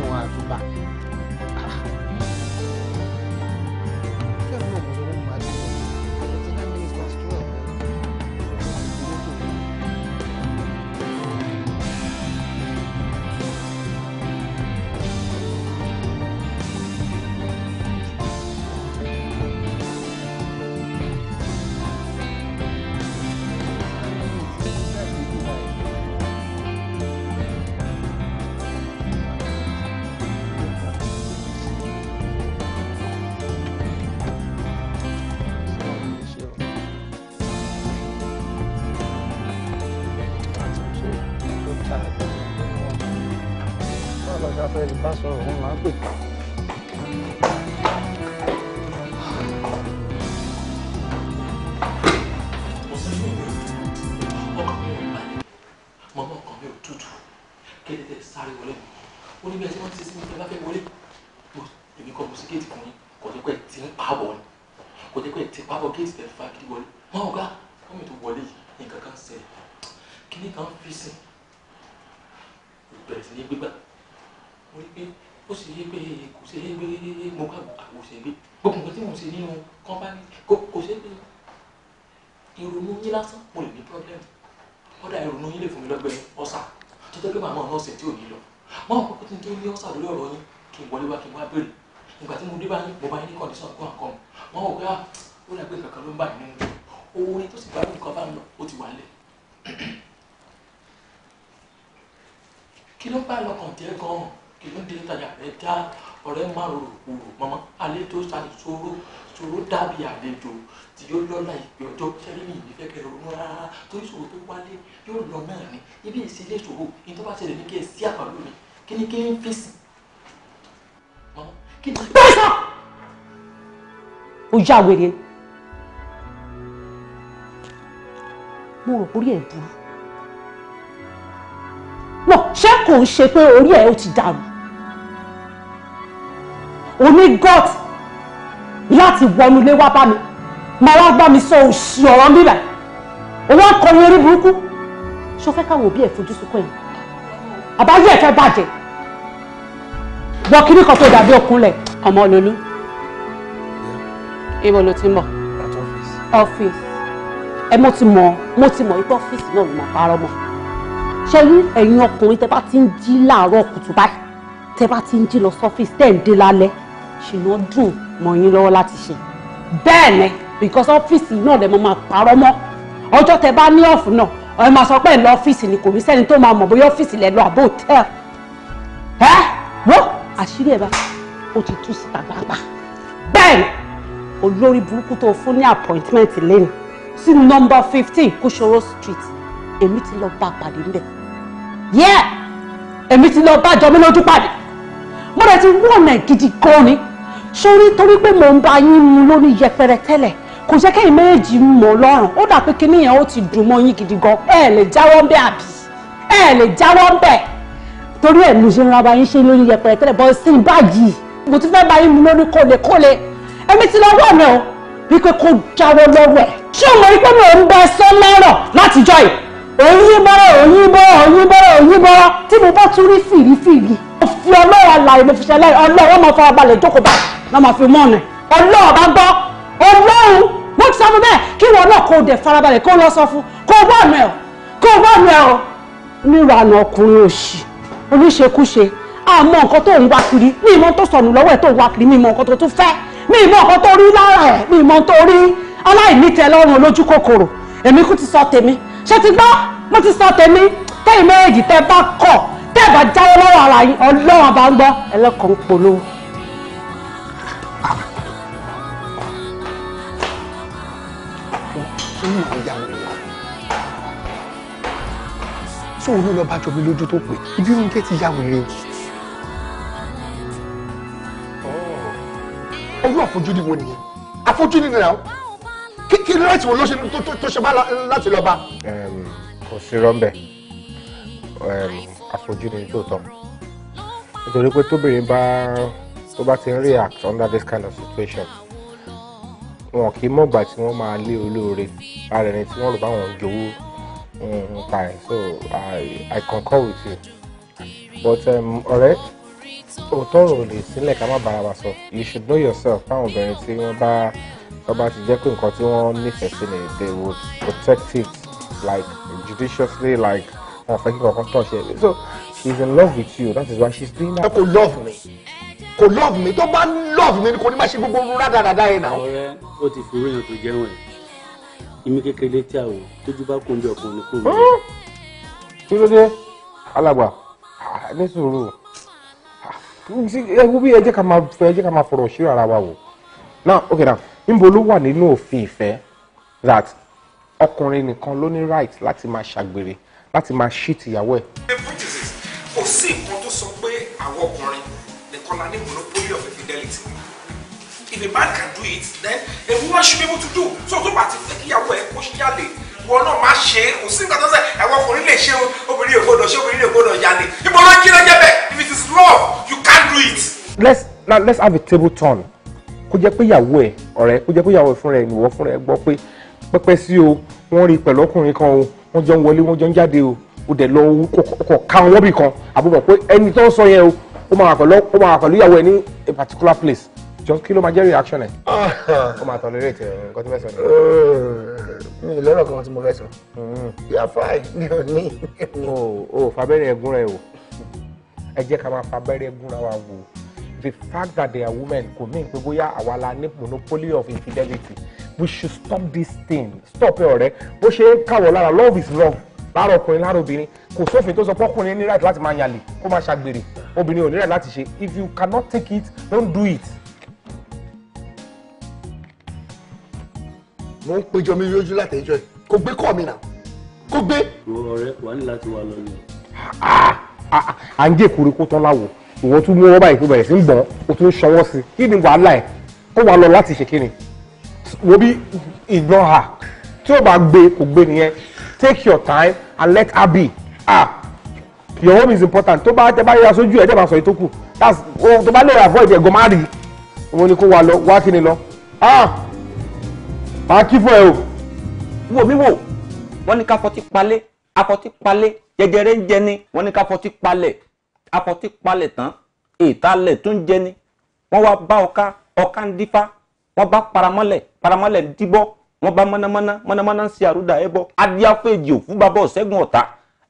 Speaker 6: dé tajà ẹ dá ọ̀rẹ́ má rorò kúrò mọ́mọ́ àlejò sani ṣòro ṣòro dàbí àlejò tí yóò lọ́la ìpè ọjọ́ sẹ́rí ní ìbí fẹ́kẹ́ ronú rárá torí ṣòro tó wálé yóò lọ náà ni ibi ìṣẹ̀lẹ̀ ṣòro ní tó bá ṣẹlẹ̀ ní kí ẹ sí àpàlù mi kí ni kí n fèsì mọ́mọ́ kí ni. bẹ́ẹ̀ sọ
Speaker 4: o já wèrè mo rò pé orí ẹ̀ burú wọ́n ṣé kò ń ṣe pé orí ẹ̀ ó ti dàrú o ní gut láti wọnú ilé wá bá mi máa wá gbá mi sọ òṣì ọ̀rọ̀ mi báyìí òun akọrin orí burúkú ṣó fẹ́ káwọn òbí ẹ̀ fojú sunkún yìí àbáyé ẹ̀ fẹ́ bàjẹ́ wọ kíní kan tó dàbí òkúnlẹ̀. ọmọ lolú ibo ló ti ń bọ̀. ọ́fíìsì ẹ mo ti mọ̀ mo ti mọ̀ wípé ọ́fíìsì náà ló máa parọ́ mọ́ ṣé rí ẹ̀yin ọkùnrin tẹ bá ti ń jí láàárọ̀ kùtù báyìí tẹ bá ti ń jí lọ sọ́fíìsì tẹ̀ ń dé lálẹ́ ṣe ló dùn mọ́ yín lọ́wọ́ láti ṣe bẹ́ẹ̀ ni because ọ́fíìsì náà lè mọ́ máa parọ́ mọ́ ọjọ́ tẹ bá ní ọ̀fù náà ẹ máa sọ pé ẹ lọ ọ́fíìsì ni kò ní sẹ́ni tó máa mọ̀ bóyá ọ́fíìsì lẹ lọ àbó hòtẹ́ẹ̀l ẹ wo àṣírí ẹ bá ó ti tú síta gbàgbà bẹ́ẹ̀ ni olórí burúkú tó fún ní appointment lẹ́nu sí number fifteen kúṣọrọ street èmi ti lọ bá pàdé ńbẹ yẹ èmi ti lọ bá jọmí lójú pàdé mo rẹ ti wọnà gidi gan ni sórí torí pé mò ń bá yín mu lónìí yẹpẹrẹ tẹ́lẹ̀ kò jẹ́ kẹ́yìn méjèèjì mọ̀ lọ́rùn ó dà pé kinní yẹn ó ti dùn mọ́ yín gidi gan ẹ lè jáwọ́ ń bẹ̀ àbí ẹ lè jáwọ́ ń bẹ̀ torí ẹ̀ mo ṣe ń ra bá yín ṣe lónìí yẹpẹrẹ tẹ́lẹ̀ bọ́ sí báyìí mo ti fẹ́ bá yín mu lónìí kólekóle ẹ̀mí ti lọ wọ̀ náà wípé kó jáwọ́ lọ́wọ́ ẹ̀ ṣé o mọ̀ wípé mi ò ń bẹ sọ́ lọ́rọ̀ látijọ́ yìí òyìn bọ́rọ̀ òyìn bọ́rọ̀ òyìn bọ́rọ̀ òyìn bọ́rọ̀ tí mo bá tún rí fìrífìrí. mo fi ọlọ́run àlàyé mo fi ṣẹlẹ̀ ọlọ́run ọmọ fara balẹ̀ jókòó báyìí lọ́ máa fi mọ́ ọ̀nà ọlọ́run bá gbọ́ ọlọ́run mo ti sọ bẹ́ẹ̀ kí wọn náà kó o dẹ̀ farabalẹ̀ kó o lọ sọ fún kó o bọ́ ọ̀nà ẹ̀ kó o bọ́ ọ̀nà ẹ̀ ọ́. níranà ọkùnrin òṣì oníṣekúṣe àmọ́ nǹkan tó ń wá kiri ní ìmọ̀ tó sọnù lọ́wọ́ ẹ̀ tó ń wá ṣé ti gbọ́ mo ti sọ tèmi tẹ́yìn méjì tẹ́ bá kọ̀ tẹ́ bá jáwọ́ lọ́wọ́ ara yín ọlọ́run bá ń gbọ́ ẹlẹ́kọ̀ọ́ ń polówó.
Speaker 2: sóun ló lọ bá jọ mi lójú tó pé ibi oúnjẹ ti ya wèrè ọwọ́ àfojúdi wo nìyẹn àfojúdi nìyẹn kí kí láti wo ló ṣe tó ṣe bá láti lọ bá.
Speaker 7: kò sí rọ́ńbẹ́ àfojú ni tòótọ́ nítorí pé tóbìnrin bá tó bá ti ń react under this kind of situation wọn kì í mọ̀gbà tí wọ́n máa lé olóore ara ẹni tí wọ́n lò báwọn jowó ń um, ẹ̀ so I, I concur with you but ọ̀rẹ́ òótọ́ ọ̀rọ̀ sílẹ̀ ká má bára wa sọ you should know yourself fáwọn obìnrin tí wọ́n bá tó bá ti jẹ́ pé nǹkan tí wọ́n nífẹ̀ẹ́ sí ni they would protect it like judiciously like wọn fẹ́ kí kankan tọ̀ ṣe so she is in love with you that is why she is doing that. kò love me kò love me tó bá love me kò ní máa ṣe gbogbo rádaràdà yẹn
Speaker 2: náà.
Speaker 1: ọ̀rẹ́ ó ti fi oríyàn tó
Speaker 2: jẹun
Speaker 7: ẹ ìmí kékeré tí a wò tójú bá kún bí ọkùnrin kún mi. kí ló dé alàgbà ah, ní sùúrù ah, ẹ wo bí ẹ jẹ́ ká máa fọ ẹ jẹ́ ká máa fọ̀rọ̀ ṣírò ara wa wò now okay now níbo ló wà nínú òfin ìfẹ́ that ọkùnrin nìkan ló ní right láti máa ṣàgbèrè láti máa ṣí tìyàwó ẹ̀. kò sí nǹkan tó sọ pé àwọn ọkùnrin nìkan la ní monopoly of fidelity. if a man can do it then a woman should be able to do so tó bá ti fẹ́ kíyàwó ẹ̀ kó yálè wọn náà má ṣe é kò sí nǹkan tó sẹ àwọn ọkùnrin lè ṣe
Speaker 6: obìnrin ògbódò ṣé obìnrin ògbódò yálè ìbọn ló ń kí lọ́jọ́ bẹ́ẹ̀ if it is love you can't do it.
Speaker 7: let's now let's have a table turn kó jẹ́ pé ìyàwó ẹ̀ ọ̀rẹ́ kó jẹ́ pé ìyàwó ẹ̀ fúnra ẹ̀ nìwọ fúnra ẹ̀ gbọ́ pé pẹ́pẹ́ sí o wọ́n rí pẹ̀lú ọkùnrin kan o wọ́n jọ ń wọlé wọ́n jọ ń jáde o o dẹ̀ lọ ọkọ̀ ká wọn wọ́bì kan àbúrò pé ẹni tó ń sọ yẹn o ó máa wà pẹ̀lú ìyàwó ẹ̀ ní a particular place jọ kí ló máa jẹ́ reaction ẹ̀. Ah. ó máa tọ̀ lórí ètò nǹkan tí mẹ́sàn-án ni. Eh, mi ì lọ́rọ̀ kan tí mo fẹ́ sọ. yà fáì mi ò ní. o ò fabẹ́rẹ́ ẹ̀gúnra ẹ̀ o ẹ jẹ́ ká máa fabẹ́rẹ́ ẹ̀gúnra wa wò ó the fact that they are women kò mean pé bóyá àwa la ní monopoly of infidelity we should stop this thing stop ẹ ọ̀rẹ́ bó ṣe ń kàwọ́ lára love is love lára ọkùnrin lára obìnrin kò sófin tó sọ pé ọkùnrin ní right láti máa yàlè kó máa ṣàgbèrè obìnrin ò ní right láti ṣe if you cannot take it don't do it.
Speaker 2: mo ń péjọ mi lójú látẹjọ ẹ kò gbé kọ mi náà kò gbé. ọ̀rẹ́ wà ní láti wà
Speaker 7: lọ ni. Ah, ah, ah, à ń gé kúrikú tán láwọ̀ ìwọ tún mú wọn báyìí kó bẹ̀rẹ̀ sí ń bọ̀ ó tún ṣọwọ́ sí kí ni wàhálà ẹ̀ kó wàá lọ láti ṣe kíni wo bí ìgbọ́n ha tí ó bá gbé kò gbé nìyẹn take your time and let her be ah your home is important tó bá tẹ bá yẹra sójú ẹ tẹ bá sọ ètò kù that's ohun tó bá lè
Speaker 6: avoid ẹ gọmárì òun ni kó wà lọ wá kí ni lọ ah máa kí fún ẹ o. wo mi wo wọ́n ní ká fọtí palẹ̀ afọtí palẹ̀ jẹjẹrẹ ń jẹ ni wọ́n ní ká fọtí palẹ̀ apọtí palẹ̀ tán ìtalẹ̀ tó ń jẹni wọ́n wá bá ọká ọká ń dífá wọ́n bá paramọ́lẹ̀ paramọ́lẹ̀ ń díbọ́ wọ́n bá mọ́nàmọ́ná mọ́nàmọ́ná ń ṣe àrúdà ẹbọ adíáfẹ́jì òkú bàbá ọ̀ṣẹ́gun ọ̀tá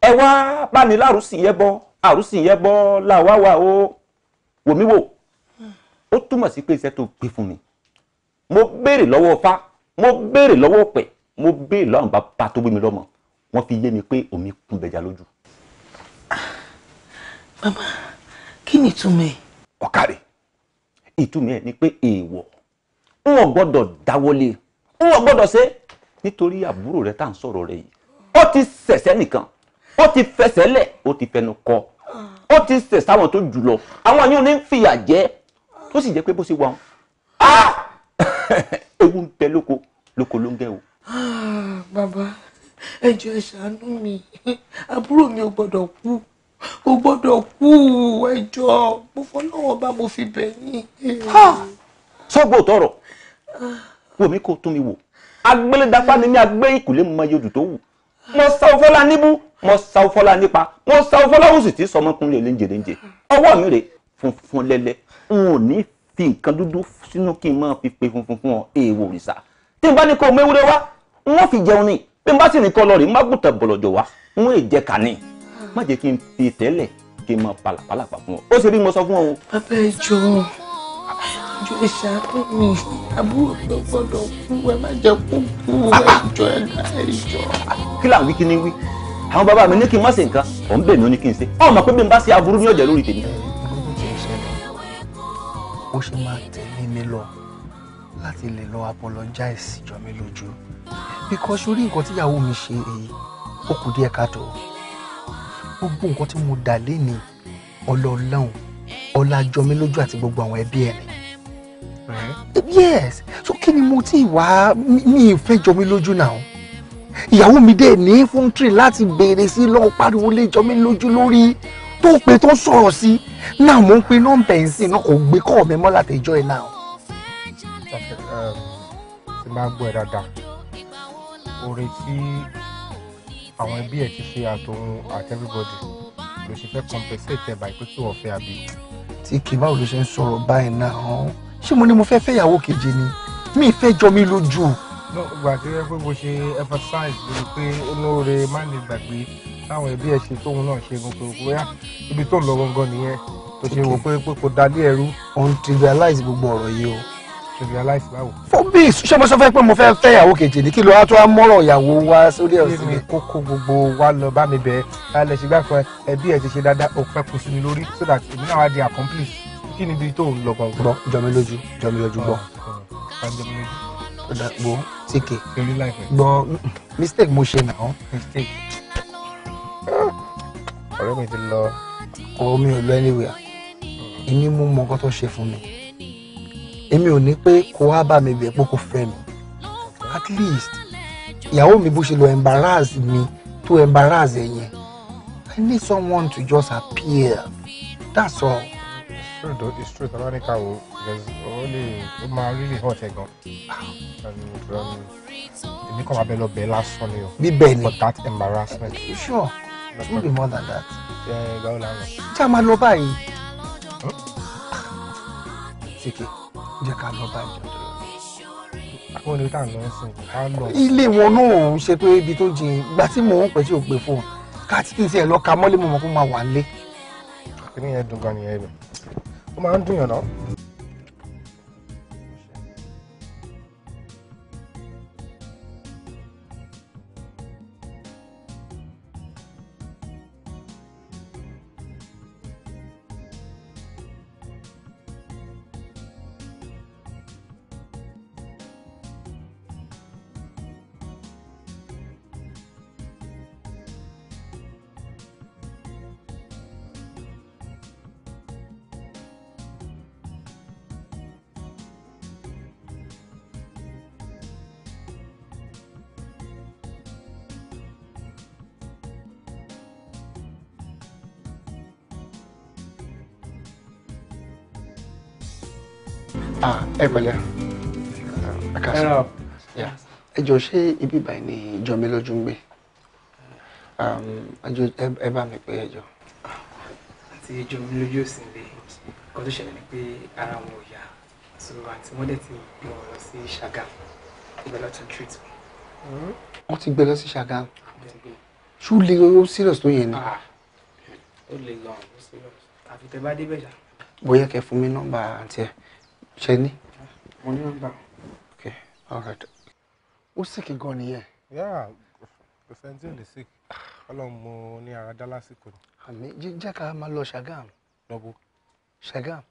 Speaker 6: ẹ wá bá ní lárùsì ẹbọ àrùsì ẹbọ làwa wà ó wòmíwò ó túmọ̀ sí pé iṣẹ́ tó gbé fún mi mo béèrè lọ́wọ́ ọfá mo béèrè lọ́wọ́ ọ̀pẹ mo béèrè lọ́wọ́ bàbá tó gbé mi lọ́mọ wọ́n fi yé mi pé omi kún bẹ̀jà lójú Mama, kí ni ìtumọ̀ ẹ̀? Ọ̀kàrẹ̀, ìtumọ̀ ẹ̀ ni pé èèwọ̀, n ò gbọ́dọ̀ dáwọ́lé, n ò gbọ́dọ̀ ṣe nítorí àbúrò rẹ̀ tá à ń sọ̀rọ̀ rẹ̀ yìí. Ó ti ṣẹ̀ṣẹ̀ nìkan, ó ti fẹsẹ̀ lẹ̀, ó ti fẹnu kọ, ó ti ṣẹ̀ sáwọn tó jù lọ, àwọn àyàn ní fìyà jẹ, tó sì jẹ́ pé bó ṣe wà wọn. [LAUGHS] Ewu ń bẹ lóko, lóko ló ń gẹ́ o.
Speaker 3: Ah, bàbá, ẹ jọ̀ọ́ ẹ ṣàánú mi, àbúrò
Speaker 6: mi ò gbọ́dọ̀ kú o gbọ́dọ̀ kú ẹjọ́ mo fọlọ́wọ́ bá mo fi bẹ̀ yín. sọ́gbó tọrọ wò mí kó tún mi wò agbélédapá ni mí agbé ìkùlé mo máa yọdù tó wù
Speaker 5: mo sa ọfọlá
Speaker 6: níbú mo sa ọfọlá nípa mo sa ọfọlá òsì tí sọmọkùnrin lè léńjẹ ọwọ́ mi rè funfun lẹ́lẹ́ n ò ní fi nǹkan dúdú sínú kí n máa fi pe funfun fún ọ èèwọ̀ òrìṣà tí n bá ní kó o mewúrẹ́ wá n ó fi jẹun ni bí n bá sì ní kọ́ lọ rè n má gùn tẹ̀ wá n ó jẹ kàní má jẹ́ kí n fi tẹ́lẹ̀ kí n mọ pàlàpàlàpà fún ọ ó ṣe bí mo sọ fún ọ o. bàbá ẹ jọ̀ọ́ ìjọ ìṣàánú mi àbúrò ló gbọ́dọ̀ kú ẹ má jẹ́ kó kú ẹ jọ ẹ dá ẹ jọ. kí làwọn wí kí ni wí àwọn bàbá mi ní kí n má ṣe nǹkan ọ̀ ń bẹ̀ mí ó ní kí n ṣe ọ̀ mọ̀ pé bí n bá ṣe aburú ní ọ̀jẹ̀ lórí tèmi.
Speaker 2: ó ṣe máa tẹ̀lé mi lọ láti lè lọ apologize jọ mi lójú because orí nǹkan tíyàwó mi ṣe èyí ó kù díẹ̀ káàtó gbogbo nǹkan tí mo dà léni ọlọ́ọ̀lọ́hún ọlájọmí lójú àti gbogbo àwọn ẹbí ẹ̀ yes so kí ni mo ti wá mi ìfẹ́ jọmí lójú náà ìyàwó mi dé ní tree láti béèrè sí lọ́ọ́ pariwo lé jọmí lójú lórí tó pe tó sọ̀rọ̀ sí náà mo ń pe nọ́mbà ẹ̀ ń sìn náà kò gbé
Speaker 7: kọ́ mi mọ́ látẹ̀jọ́ ẹ̀ náà. ṣe máa gbọ́ ẹ dáadáa oore tí àwọn ẹbí ẹ̀ ti ṣe àtòun at everybody ló ṣe fẹ́ compensate ẹ̀ báyìí pé kí wọ́n fẹ́ àbí.
Speaker 2: tí kì báwo ló ṣe ń sọ̀rọ̀ báyìí náà ṣé mo ní mo fẹ́ fẹ́ ìyàwó keje ni mi fẹ́ jọ mi lójú.
Speaker 7: gbà tí wọ́n pé mo ṣe emphasize lórí pé olóore má lè gbàgbé táwọn ẹbí ẹ̀ ṣe tóun náà ṣe gbogbo bóyá ibi tó ń lọ gangan nìyẹn tó ṣe wò pé kò dalé ẹrú.
Speaker 2: òun trivialize gbogbo ọ̀rọ̀ yìí o trivialize báwo. fún bí ṣé mo sọ fẹ́ pé mo fẹ́ fẹ́ ìyàwó kejì ní kí ló wá tó wá
Speaker 7: mọ́rọ̀ ìyàwó wa sórí ọ̀sìn mi. kókó gbogbo wa lọ bá mi bẹ̀ẹ́ lálẹ́ ṣe fún ẹbí ẹ̀ ti ṣe dáadáa òpẹ́ kù sí mi lórí so that èmi náà wá di accomplice kí ni ibi tó ń lọ gbọ́. gbọ́ jọmi lójú
Speaker 2: jọmi lójú gbọ́. gbọ́ tíkè gbọ́ mistake mo ṣe náà. mistake
Speaker 7: ọ̀rẹ́ mi ti lọ.
Speaker 2: ọ̀rọ̀ mi ò lọ anywhere èmi mú mọ nǹkan tó ṣe fún mi èmi ò ní pé kó wá bá mi bẹ̀ pé kò fẹ́ mi at least ìyàwó mi bó ṣe lọ embarrass mi tó embarrass ẹ yẹn I need someone to just appear
Speaker 7: that's all. it's true though it's true ní ká wo because ó lè ó máa really hot ẹ̀ gan. Um, èmi kàn máa bẹ lọ bẹ lásán ni o. bíbẹ̀ ni for that embarrassment. you sure it will be more than that. ṣé ẹ gbàgbọ́ làwọn.
Speaker 2: ṣé a máa lọ báyìí.
Speaker 7: ṣèké jẹ́ ká lọ bá ìjọ tó lọ. àwọn olè tá à ń lọ sìn ká lọ. ilé
Speaker 2: wọn náà ò ń ṣe pé ibi tó jìn ìgbà tí mò ń pẹ́ tí ò pé fún ká tí kì í tiẹ̀
Speaker 7: lọ ka mọ́lé mo kó máa wà lé. àkíní dùn gan-an nìyẹn ó máa ń dùn yàn náà.
Speaker 2: ẹ pẹ̀lẹ́ ẹ kà sí ẹ jọ ṣé ibi báyìí ni jọmi lójú ń gbé um, ẹ bá mi pé ẹ jọ. àti jọmi lójú ò sí ń gbé nǹkan tó ṣẹlẹ̀ ni pé ara wọn ò yá so àti wọ́n dẹ̀ ti gbé wọn lọ sí Ṣàgámù ìgbà lọ́tọ̀ treat me. Hmm? wọ́n ti gbé lọ sí Ṣàgámù ṣú lè ó serious tó yẹn ni. Ah. ó lè gan-an serious àfi tẹ bá débẹ̀ ṣá. bóyá kẹ fún mi nọ́mbà àǹtí ẹ ṣe ní mo ní nọ́mbà. okay all right. ó sick gan going
Speaker 7: here? Yeah, sẹ́ni tí ò lè sick ọlọ́run mo ní ara dá lásìkò ni. àmì jẹ́ ká máa lọ ṣàgàm. lọ́bù. ṣàgàm.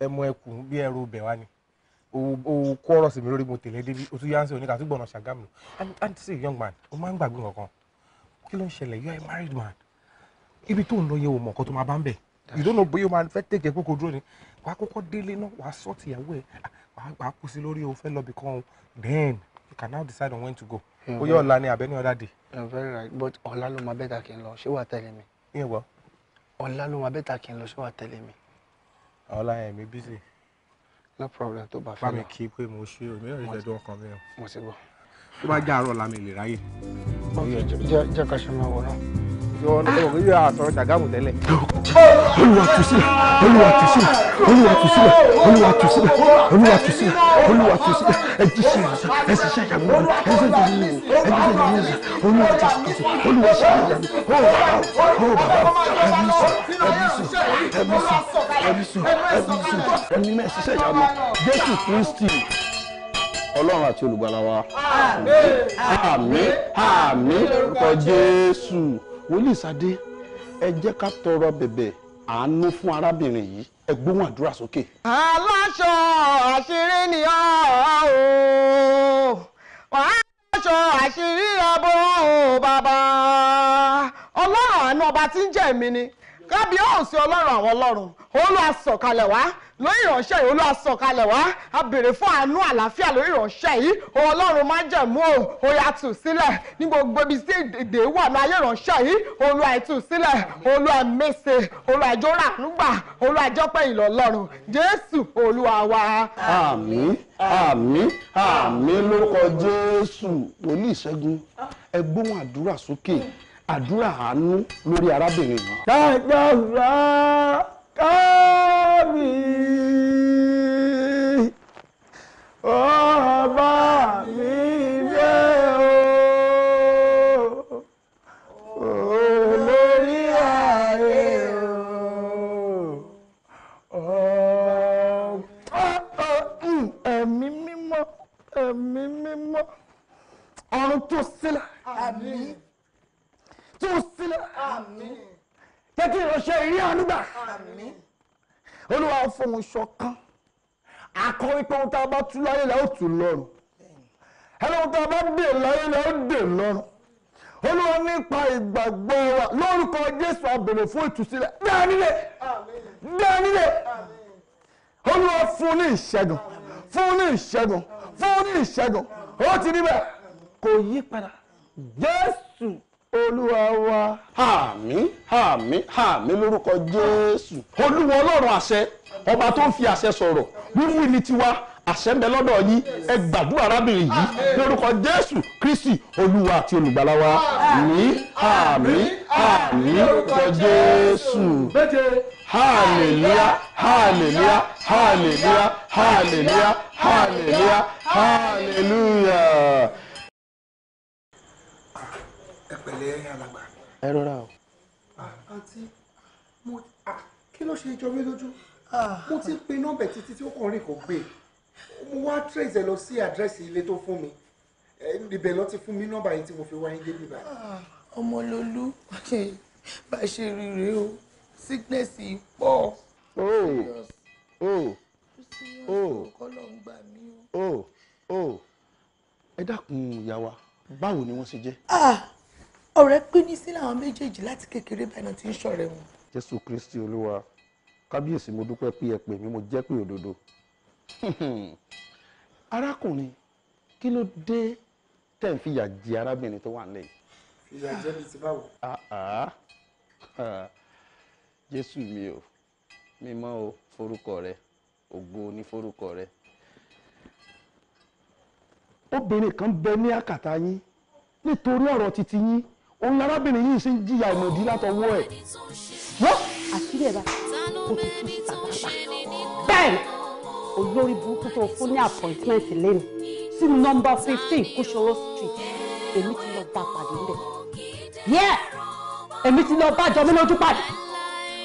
Speaker 7: ẹ mọ ẹkùn bí ẹrù bẹ̀ wá ni o kó ọ̀rọ̀ sí mi lórí mo tẹ́lẹ̀ débi o tún yá ń sè oníkà àti gbọ̀nà ṣàgàm and see young man o máa ń gbàgbé nǹkan kí ló you are a married man If you don't know your o mọ̀ nǹkan tó you don't know bóyá man. máa fẹ́ tẹ̀kẹ́ kókó dúró ni wàá kọ́kọ́ délé náà wàá sọ́ọ̀tì ìyàwó máa kú sí lórí o fẹ́ lọ bìkan then you can now decide on when to go bóyá ọ̀la ni àbẹ́ ní ọ̀dà dé. you're very right but ọ̀la ló máa bẹ́tà kí n lọ ṣé wàá
Speaker 2: tẹ̀lé mi. yíyan wọ. ọ̀la ló máa bẹ́tà kí n lọ ṣé wàá tẹ̀lé mi. ọ̀la yẹn mi
Speaker 7: busy. no problem tó bá fẹ́ lọ. bá mi kí pé mo ṣe omi ò ní ìdẹ́dùn ọkàn mi o. mo ti bọ̀. tó bá jẹ́ àárọ̀ la mi lè ráyè. jẹ́ ká ṣe máa wọ̀ náà ìwọ
Speaker 2: ọlọ́run àti olùgbàlà wa àmín àmín àmín Jésù wòlíì sadé ẹ jẹ́ ká tọrọ bẹ̀bẹ̀ àánú fún arábìnrin yìí ẹ gbóhùn àdúrà sókè.
Speaker 5: aláṣọ àṣírí ni ọ o aláṣọ àṣírí ọbọ o bàbá ọlọ́run
Speaker 2: àánú ọba tí ń jẹ́ mi ni kábíyèsí ọlọ́run àwọn ọlọ́run olú àsọ̀kalẹ̀ wá lórí ìránṣẹ́ yìí olúwa sọ̀kalẹ̀ wá a béèrè fún àánú àlàáfíà lórí ìránṣẹ́ yìí ọlọ́run má jẹ̀mú o oya tú sílẹ̀ ní gbogbo ibi tí èdè wà ní ayé ìránṣẹ́ yìí olúwa tú sílẹ̀ olúwa mèsè olúwa jọra ànúgbà olúwa jọpẹ́ ìlọ́lọ́run jésù olúwa wa. àmín àmín àmín lórúkọ jésù wòlíì ṣẹ́gun ẹ gbóhùn àdúrà sókè àdúrà àánú lórí arábìnrin yìí. dáadáa oh,
Speaker 5: ọba mi bẹ́ o olórí ààrẹ o
Speaker 2: ẹ̀mí mímọ́ ẹ̀mí mímọ́ ọ̀run tó sílẹ̀ àmín tó sílẹ̀ àmín jẹ́ kí ìránṣẹ́ ìrí àánú gbà olúwa fún mi ṣọ̀kan àkọ́ wípé ohun tá a bá tú láyé la ó tú lọ́run ẹni ohun tá a bá dè láyé la ó dè lọ́run olúwa nípa ìgbàgbọ́ wa lórúkọ
Speaker 6: jésù a béèrè fún ìtúsílẹ̀ dáa nílé dáa nílé olúwa fún ní ìṣẹ́gun fún ní ìṣẹ́gun fún ní ìṣẹ́gun ó ti níbẹ̀ kò yí padà jésù olúwa wa
Speaker 1: àmín
Speaker 2: àmín àmín lórúkọ jésù olúwa ọlọ́run àṣẹ ọba tó ń fi
Speaker 6: àṣẹ sọ̀rọ̀ wíwú ni tiwa àṣẹ ń bẹ lọ́dọ̀ yín ẹ gbàdúrà arábìnrin yìí lórúkọ jésù kristi olúwa àti olùgbàlà wa àmín àmín
Speaker 5: àmín lórúkọ jésù
Speaker 2: hallelujah hallelujah hallelujah hallelujah hallelujah hallelujah pẹ̀lẹ́ alàgbà. ẹ rọra o. àǹtí mo kí ló ṣe jọ mí lójú mo ti pe nọ́mbẹ títí tí ó kàn rìn kò gbé mo wá trace ẹ lọ sí àdírẹ́sì ilé tó fún mi ibẹ̀ lọ ti fún mi nọ́mbà yìí tí mo fi wáyé débi báyìí. ọmọlolú bá ṣe rí rèé o sickness yìí pọ̀. ẹ dákun ìyá wa báwo ni wọ́n ṣe jẹ́ ọ̀rẹ́ pé ní sí làwọn méjèèjì láti kékeré báyìí náà ti ń ṣọ̀rẹ́ wọn. jésù kristi olúwa kábíyèsí mo dúpẹ́ pé ẹ pè mí mo jẹ́ pé òdodo. [LAUGHS] arákùnrin kí ló dé tẹ̀ ń fìyà jẹ arábìnrin tó wà ń lẹ̀ yìí. fìyà jẹ mi ti báwo. Ah, ah.
Speaker 1: [LAUGHS] jésù mi ò mímọ́ o forúkọ rẹ ògo ní forúkọ rẹ
Speaker 2: obìnrin kan bẹ ní àkàtà yín nítorí ọ̀rọ̀ titi yín òun arábìnrin yìí ṣe ń jìyà ìmọ̀dí
Speaker 4: látọwọ́ ẹ̀. wọ́n àti rẹ̀ bá ó ti
Speaker 5: tún sí pàpàpà
Speaker 4: bẹ́ẹ̀ olórí burúkú tó fún ní appointment lẹ́nu sí nọ́mbà fifteen kúṣọ́rọ́ street èmi ti lọ bá pàdé ńbẹ̀ yẹ́ èmi ti lọ bá jọmí lójú pàdé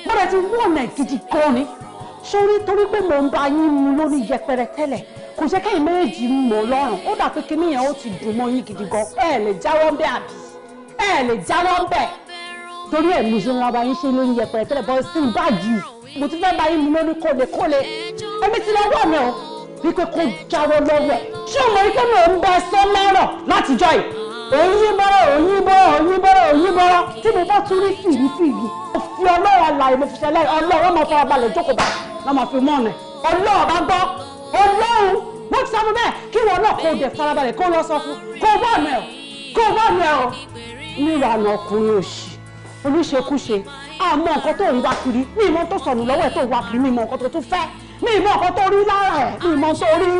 Speaker 4: mo rẹ̀ ti wọ̀nà gidi gan ni sórí torí pé mò ń bá yín mu lórí yẹpẹrẹ tẹ́lẹ̀ kò jẹ́ kẹ́yìn méjì mọ̀ lọ́rùn ó dà pé kíní yẹn ó ti dùn mọ́ yín gidi gan ẹ lè jáwọ́ bẹ́ẹ̀ àbí ẹ lè jáwọ́ ń bẹ̀ torí ẹ̀ mi ṣe ń ra yín ṣe lóyún yẹpẹrẹ tẹ́lẹ̀ bọ́ sí báàgì mo tún fẹ́ bá yín mu lórí kóle kóle ẹbí ti lọ wọ̀ mí o wípé kó jáwọ́ lọ́wọ́ ẹ̀ ṣé o mọ̀ wípé mi ò ń bá sọ lọ́rọ̀ látijọ́ yìí òyìn bọ́rọ̀ òyìn bọ́rọ̀ òyìn bọ́rọ̀ òyìn bọ́rọ̀ tí mo bá tún rí fìrí fìrí mo fi ọlọ́run àlàyé mo fi ṣẹlẹ̀ ọlọ́run máa fara balẹ̀ jókòó bá lọ́ máa fi mọ́ ọ̀nà ọlọ́run bá gbọ́ ọlọ́run mo ti sọ fún bẹ́ẹ̀ kí wọn náà kó o dẹ̀ farabalẹ̀ kó o lọ sọ fún kó o wọ́ọ̀nù ẹ̀ kó o wọ́ọ̀nù ẹ̀ o níranà ọkùnrin òṣì olùṣekúṣe àmọ́ nǹkan tó ń wá kiri ní ìmọ̀ tó sọnù lọ́wọ́ ẹ̀ tó wá kiri ní ìmọ̀ nǹkan tó tún fẹ́ ní ìmọ̀ nǹkan tó rí lára ẹ̀ ní ìmọ̀ tó rí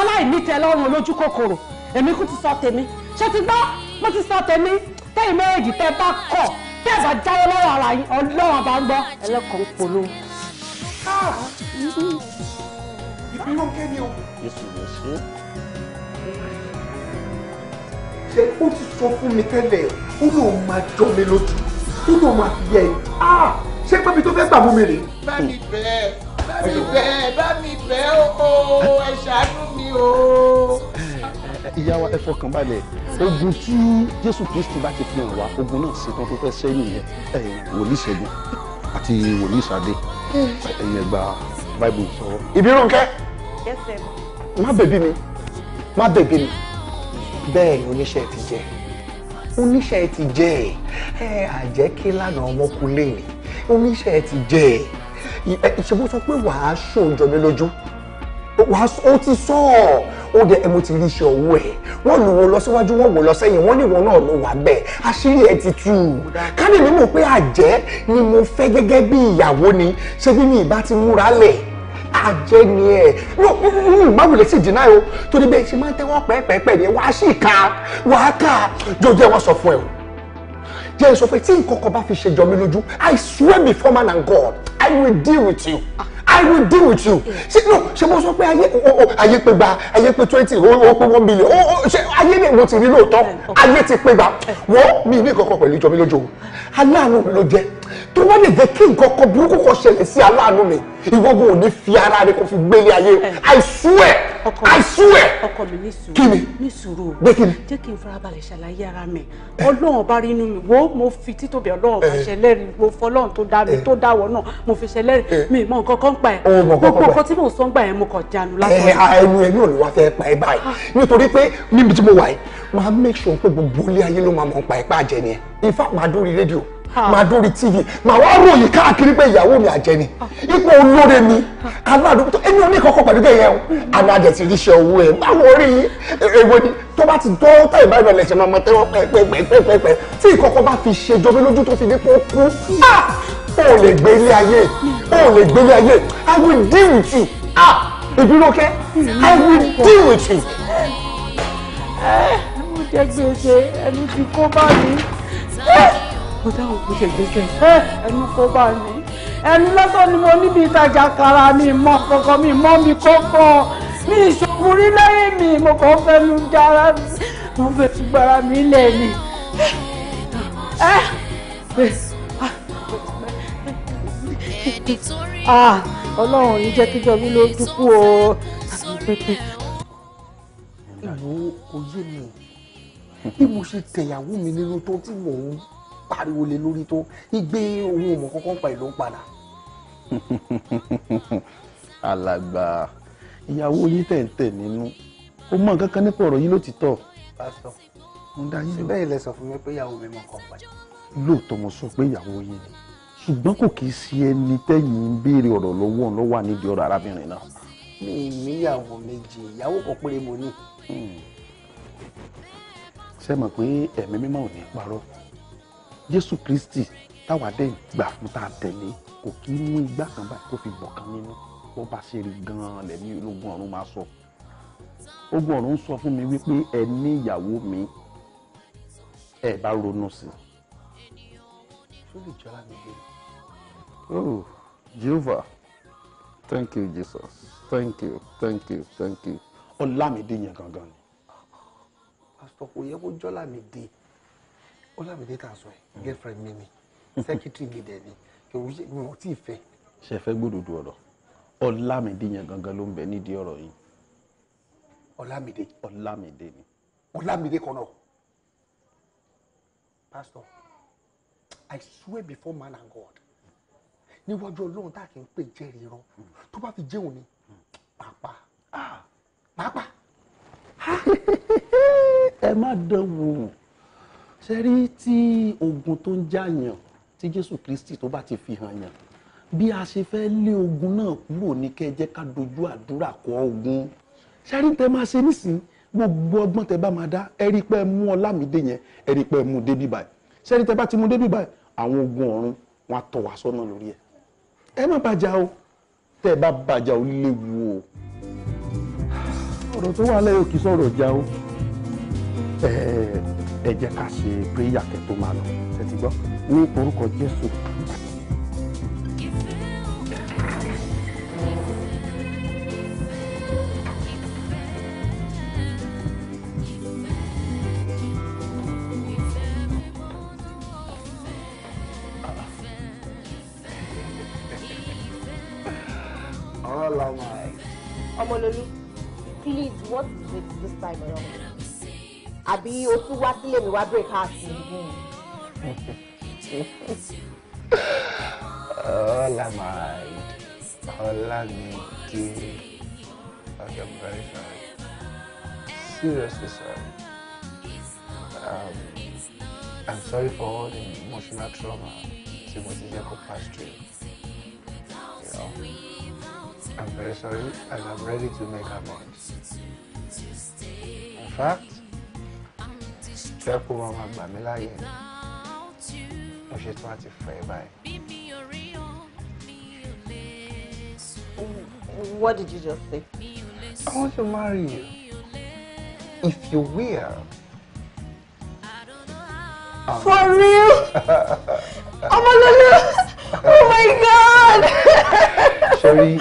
Speaker 4: aláìnítẹ́ lọ́rùn olójú kòkòrò èmi kú ti sọ tèmi ṣé ti gbọ́ mo ti sọ tèmi tẹ́yìn méjèèjì tẹ́ bá kọ̀ tẹ́ bá jáwọ́ lọ́wọ́ ara yín ọlọ́run àbá ń gbọ́ ẹlẹ́kọ̀ọ́ polo. ìpínlẹ̀ kẹ́ni o
Speaker 2: ṣe ó ti sọ fún mi tẹ́lẹ̀ ó lóun máa jọ mi lójú ó lóun máa fi yẹ ẹ́ ah, ṣé pẹ́bi tó fẹ́ gbà mú mi rè. bá mi bẹ́ẹ̀ bá mi bẹ́ẹ̀ bá mi bẹ́ẹ̀ o ẹ ṣàánú mi o. ìyá wa ẹ fọkàn balẹ̀ ogun tí Jésù Kristi bá ti fi hàn wá ogun náà ṣetán tó fẹ́ sẹ́yìn yẹn wòlíì ṣẹ́gun àti wòlíì ṣadé ẹ̀yìn ẹgbà báìbù sọ̀rọ̀. ìbírùn kẹ́ má bẹ̀bí mi má bẹ̀bí mi bẹ́ẹ̀ ni oníṣẹ́ ti jẹ́ oníṣẹ́ ti jẹ́ ẹ àjẹ́ kí lánàá ọmọkùnrin ni oníṣẹ́ ti jẹ́ ẹ ṣe mo sọ pé wàá ṣòjọ́ mi lójú wàá ó ti sọ ọ́ ó dẹ ẹ mo ti rí iṣẹ́ owó ẹ̀ wọ́n lù wọ́n lọ síwájú wọ́n wò lọ sẹ́yìn wọ́n ní ìwọ náà ló wà bẹ́ẹ̀ àṣírí ẹ̀ ti tú kálí mi mọ̀ pé àjẹ́ ni mo fẹ́ gẹ́gẹ́ bí ìyàwó ni ṣé bí mi ìbá ti múra lẹ̀ àjẹ́ ni ẹ̀ báwo lè sì dínà o torí bẹ́ẹ̀ ṣe máa ń tẹ́wọ́ pẹ́ẹ́pẹ́ẹ́pẹ́ ni wàá sì ka wàá kà jọ jẹ́ wọ́n sọ fún ẹ o jẹ́ sọ fún ẹ tí nǹkan kan bá fi ṣe jọ lójú I swear before man and God I will deal with you. I will deal with you. Ṣé no ṣe mo sọ pé ayé ayé pé gba ayé pé twenty ó pé one million ó ṣe ayé lè mo ti rí lóòótọ́ ayé ti pé gba wọ́n mi ní kankan pẹ̀lú ìjọ mi lójú o aláàánú mi ló jẹ́ tó wá lè jẹ́ kí nǹkan kan burúkú kan ṣẹlẹ̀ sí aláàánú mi ìwọ́gbọ́ ò ní fi ara rẹ kó fi
Speaker 4: gbélé ayé I swear I swear. ọkọ mi ní sùúrù kíni ní sùúrù o jẹ́ kí n farabalẹ̀ ṣàlàyé ara mi ọlọ́run bá rí inú mi wo mo fi títóbi ọlọ́run fi ṣẹlẹ́rìí mo fọlọ́run tó dá mi tó dáwọ́ náà mo fi ṣẹlẹ́rìí mi mọ nǹkan kan pa ẹ̀ gbogbo nǹkan tí mò ń sọ́ngbà yẹn mo kàn jánu látọ̀.
Speaker 2: ẹnu ẹnu ò ní wá fẹ́ pa ẹ báyìí ah. nítorí pé níbi tí mo wà yìí máa make sure pé gbogbo ilé ayé ló máa mọ̀ pa ẹ̀ pàjẹ́ ni in fact máa dórí rédíò Ah. máa dórí tv màá wá ròyìn káàkiri pé ìyàwó mi àjẹ́ ni ah. ipò olóore mi aládùúgbò ah. tó ẹni oníkọ̀ọ́kọ́ pẹ̀lú gẹ̀yẹ́ o anájẹ ti ríṣẹ́ owó ẹ̀ báwo rí èwo ni tó bá ti dọ́ tá ìbá ìrọ̀lẹ̀ ṣe máa tẹ́wọ́ pẹ́pẹ́pẹ́pẹ́ tí ìkọ̀kọ́ bá fi ṣe jọbí lójú tó fi ní kó kú ó lè gbé ilé ayé ó lè gbé ilé ayé i will deal with you ah ìbílókẹ́ i will deal with you
Speaker 4: jẹ́ gbèsè ẹni tí kó bá mi. Eh! mo dáhùn kó ṣe gbẹgbẹ ẹnu kó bá mi ẹnu lọ́sọ̀ ni mo níbi ìtajà kara mi mọ kọ̀kọ́ mi mọ́ mi kọ́kọ́ mi ìṣòwò rí lẹ́yìn mi mo kàn fẹ́ lu dára mo fẹ́ ti gbára mi lẹ̀ ni.
Speaker 5: Ah, ọlọ́run yìí jẹ́ kíjọ mi ló dúkú o. ìwò
Speaker 2: òye mi bí mo ṣe tẹ̀yàwó mi nínú tó tí mò ń pariwo lé lórí tó igbe ohun ọmọ kankan pa ìlú ń padà.
Speaker 1: [LAUGHS] alàgbà ìyàwó yín tẹ̀ǹtẹ̀ nínú ó mọ nǹkan kan nípa ọ̀rọ̀ yín ló ti tọ̀.
Speaker 2: pásítọ̀ mo dá yín lọ. síbẹ̀ ilẹ̀ sọ fún mi pé ìyàwó mi mọ̀ kàn pa.
Speaker 1: lóòótọ́ mo sọ pé ìyàwó yín ni ṣùgbọ́n kò kì í ṣe ẹni tẹ́yìn ń béèrè ọ̀rọ̀ lọ́wọ́ lọ́wọ́ nídìí ọ̀rọ̀ arábìnrin náà.
Speaker 2: mi níyàwó méje ìyàwó kan péré mo ní. Hmm. ṣé mọ̀ pé ẹ̀mí mímọ́ ò ní parọ́ jésù kristi táwa dẹ̀ gbà fún tá a tẹ̀lé kò kí í mú igbá kan báyìí kó fi bọ̀kan nínú bó bá ṣe rí gan-an lẹ́mí ológun ọ̀run máa sọ ogun ọ̀run sọ fún mi wípé ẹ ní ìyàwó mi ẹ bá ronú sí i ṣó lè jọra mi lé. oh jehovah thank you jesus thank you thank you thank you ọlámídé yẹn gangan ni pásítọ̀ kò yẹ kó jọ́lámídé. Ọlámídé tá a sọ yìí girlfriend mi ni secretary gidi ẹni kò wí mi ò tí ì fẹ́.
Speaker 1: ṣe fẹ́ gbòdòdó ọ̀rọ̀ Ọlámídé yẹn gangan ló ń bẹ nídìí ọ̀rọ̀ yìí. Ọlámídé. Ọlámídé ni.
Speaker 2: Ọlámídé kan náà. pastor I swear before man and God níwájú Ọlọ́run tá a kì í pè jẹ́rìí rán tó bá fi jẹun ni pàápàá ah. pàápàá. [LAUGHS] ẹ má dán wò ó sẹ́rí tí ogun tó ń jàyàn tí Jésù Kristi tó bá ti fi hàn yàn bí a ṣe fẹ́ lé ogun náà kúrò ní kẹ́ jẹ́ ká dojú àdúrà kọ ogun sẹ́rí tẹ máa ṣe nísìnyí gbogbo ọgbọ́n tẹ bá máa dá ẹ rí
Speaker 6: pé ẹ mú Ọlámídé yẹn ẹ rí mú débí báyìí sẹ́rí tẹ bá ti mú débí báyìí àwọn ogun ọ̀run wọn á tọ̀ wá sọ́nà lórí ẹ̀ ẹ má bàjá o tẹ́ ẹ bá bàjá o léwu
Speaker 2: o ọ̀rọ̀ tó wà lẹ́yìn òkè sọ̀rọ̀ já o ẹ jẹ́ ká ṣe prayer kẹ́ tó máa lọ ṣe ti gbọ́ ní orúkọ Jésù
Speaker 3: mi wá break heart again.
Speaker 2: ọlá máa ọlá mi I'm very sorry seriously sorry
Speaker 5: um, I'm sorry for all the emotional trauma tí mo ti jẹ́ kó through you know I'm very sorry and I'm ready to make amends in fact.
Speaker 2: fẹ́ kó wọn máa gbà mí láàyè ni mo ṣe tí wọ́n ti fẹ́ ẹ báyìí. What did you just say? I want to marry you. If you will. Um, For
Speaker 5: real? [LAUGHS] Ọmọlúlú! Oh my God!
Speaker 2: Sherry,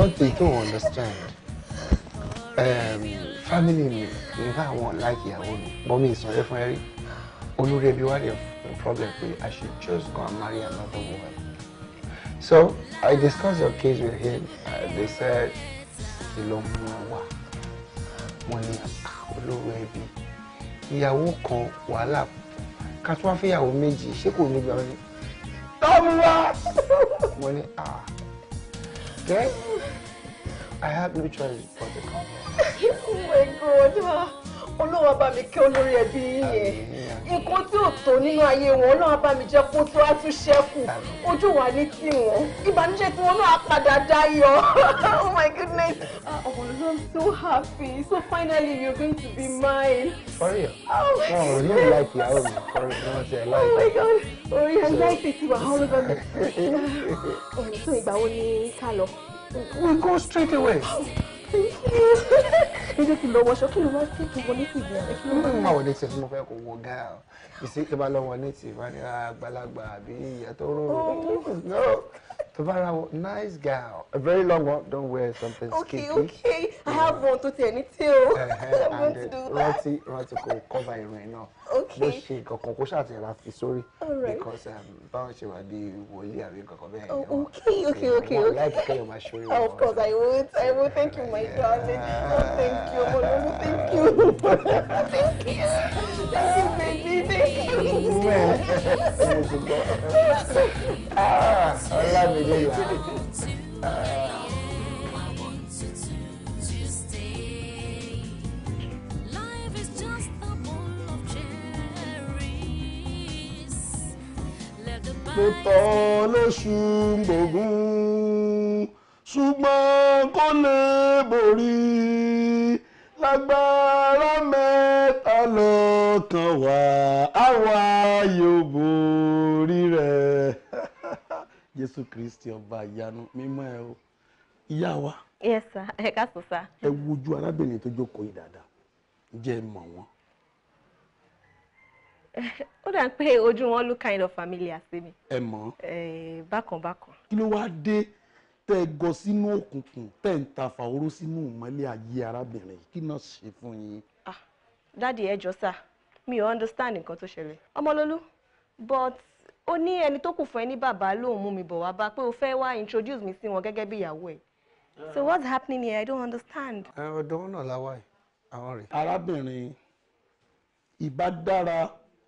Speaker 2: one thing you don't understand. Um, family mi nígbà àwọn like ìyàwó mi But mi ìsọ̀rẹ́ fún ẹrí olórí ẹbí wà lè fún problem pé I should just go and marry another woman so I discuss your case with him and uh, they said ìlò mú wa wọn ní ah, olórí ẹbí ìyàwó kan wàhálà ká tún wá fẹ́yàwó méjì ṣé kò ní gbà wọn ni tọ́mú wa [LAUGHS] wọn ní ah kẹ́ẹ́. I have no choice but to come
Speaker 4: here. oh my God, Olúwa
Speaker 3: olórí ẹbí yẹn. Nǹkan tí ò tó nínú ayé wọn, Olúwa bá jẹ́ kó tó á tún ṣẹ́kù. Ojú wa ní tì wọ́n. Ìbànújẹ́ tí wọn náà padà dayọ̀. [LAUGHS] Oh my goodness. Ah, ọmọ ló I'm so happy. So finally you're going to be mine.
Speaker 5: For real? Oh my no, oh, goodness. No, like ìyàwó mi. For real, ṣe like. Oh my God. Orí anxiety ti wà all
Speaker 3: over me.
Speaker 2: [LAUGHS]
Speaker 3: Oh, ìgbà wo ni ká lọ? we go straight away. Thank you. kí n lọ wọṣọ kí ló wá sí kí n wọlé tì bẹ́ẹ̀. kí
Speaker 2: ló tó bá nice girl a very long one don't wear something okay, skinny. okay
Speaker 3: okay i have mm. one to tell you. tí [LAUGHS]
Speaker 2: i'm going to do eh, that. righty, rántí kò cover irun ẹ̀ náà bó ṣe kankan kó ṣàtìyàrá fi sórí because um, báwọn ṣe wà bí wòlíì àbí kankan bẹ́ẹ̀ oh, ni
Speaker 3: wọn okay okay okay wọn láì kẹ́kẹ́ yóò máa ṣorí wọn. [LAUGHS] of course i would i would thank you my darling oh thank you ọmọ lọ́wọ́
Speaker 2: thank you
Speaker 5: [LAUGHS] thank you thank you baby thank you. Ah, ọlá mi where you are. Uh, mo
Speaker 2: tọ́ lóṣù gbògùn ṣùgbọ́n kò lè borí lágbára mẹ́ta lọ́kàn wá àwa yóò borí rẹ̀ jésù kristi ọba ìyanu mímọ́ ẹ o ìyá wa.
Speaker 3: yes sir ẹ ká sọ sá.
Speaker 2: ẹ wojú arábìnrin tó jókòó yìí dáadáa ǹjẹ́ ẹ mọ̀ wọ́n.
Speaker 3: ó dà pé ojú wọn look kind of familiar sí mi.
Speaker 2: ẹ mọ̀. bákan bákan. kí ló wáá dé tẹ́ gọ sínú òkùnkùn tẹ́ ẹ ta fàwọ́rọ́ sínú ìmọ́lẹ̀ ayé arábìnrin kí náà ṣe fún yín. ah
Speaker 3: ẹ jọ sá mi ò understand nǹkan tó ṣẹlẹ̀ ọmọlólú but ó ní ẹni tó kù fún ẹ ní bàbá lòun mú mi bọ̀ wá bá pé o fẹ́ wá introduce mi sí wọn gẹ́gẹ́ bí ìyàwó ẹ̀ so what's happening here i don't understand. ọ̀dọ̀ náà láwa ẹ̀ àwọn rẹ̀.
Speaker 2: arábìnrin ìbá dára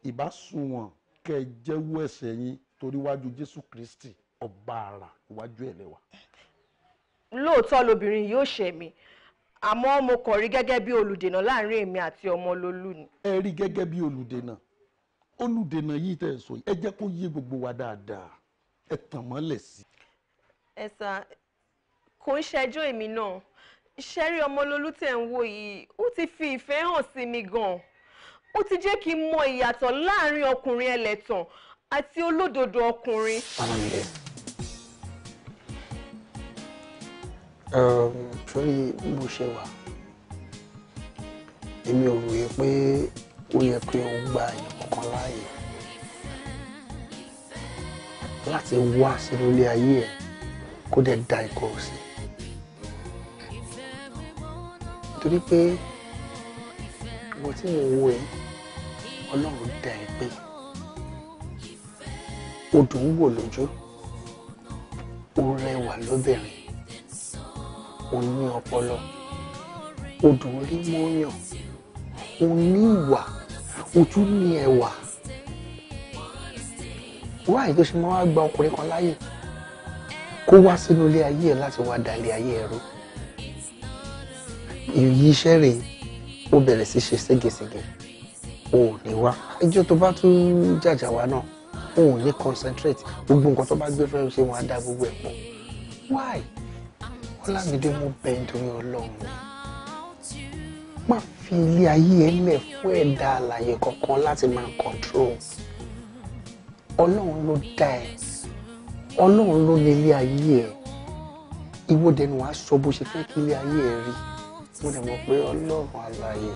Speaker 2: ìbá sunwọ̀n kẹ́ ẹ jẹ́wọ́ ẹ̀ṣẹ̀ yín torí wájú jésù
Speaker 7: kristi ọba àrà iwájú ẹ̀ lẹ́wà.
Speaker 2: lóòótọ́ lobìnrin yóò
Speaker 3: ṣẹ̀ mí àmọ́ mo kàn rí gẹ́gẹ́ bí olùdènà láàrin èmi àti ọmọ lolú ni.
Speaker 2: ẹ rí gẹ́gẹ́ bí olùdènà olùdènà yìí tẹ̀ sọ ẹ jẹ́ kó yé gbogbo wa dáadáa ẹ tàn mọ́lẹ̀ sí.
Speaker 3: ẹ sà kò ń ṣẹjọ́ èmi náà ṣẹ́rí ọmọlólú tẹ̀ ń wò yìí ó ti fi ìfẹ́ hàn sí mi gan-an ó ti jẹ́ kí n mọ ìyàtọ̀ láàrin ọkùnrin ẹlẹ́tàn àti olódodo ọkùnrin.
Speaker 2: sórí bó ṣe wà èmi ò ròyìn pé ó yẹ pé ó ń gba èèyàn kankan láàyè láti wá sínú ilé ayé ẹ kó dẹ̀ da ikọ̀ sí nítorí pé ìwọ tí mo wo ẹ ọlọ́run dá ẹ pé odò ń wò lójú ó rẹwà lóbìnrin ó ní ọpọlọ odò rí mọ́yàn o ní ìwà o tún ní ẹwà wáyé tó ṣe máa wá gba ọkùnrin kan láyè kó wá sínú ilé ayé ẹ láti wá da ilé ayé ẹ rú ìyí iṣẹ́ rèé ó bẹ̀rẹ̀ sí ṣe ségesège ò ní wá ẹjọ́ tó bá tún jàjà wá náà ò ní concentrate gbogbo nǹkan tó bá gbé fẹ́ ṣe wọn á dá gbogbo ẹ̀ pọ̀ wáyé Ọlámídé mo bẹ̀ nítorí Ọlọ́run má fi ilé ayé ẹ lẹ̀ fún ẹ̀dá àlàyé kankan láti máa control ọlọ́run ló dá ẹ ọlọ́run ló ní ilé ayé ẹ ìwọ dẹnu wàá sọ bó ṣe fẹ́ kí ilé ayé ẹ rí mo dẹ̀ mọ̀ pé ọlọ́run àlàyé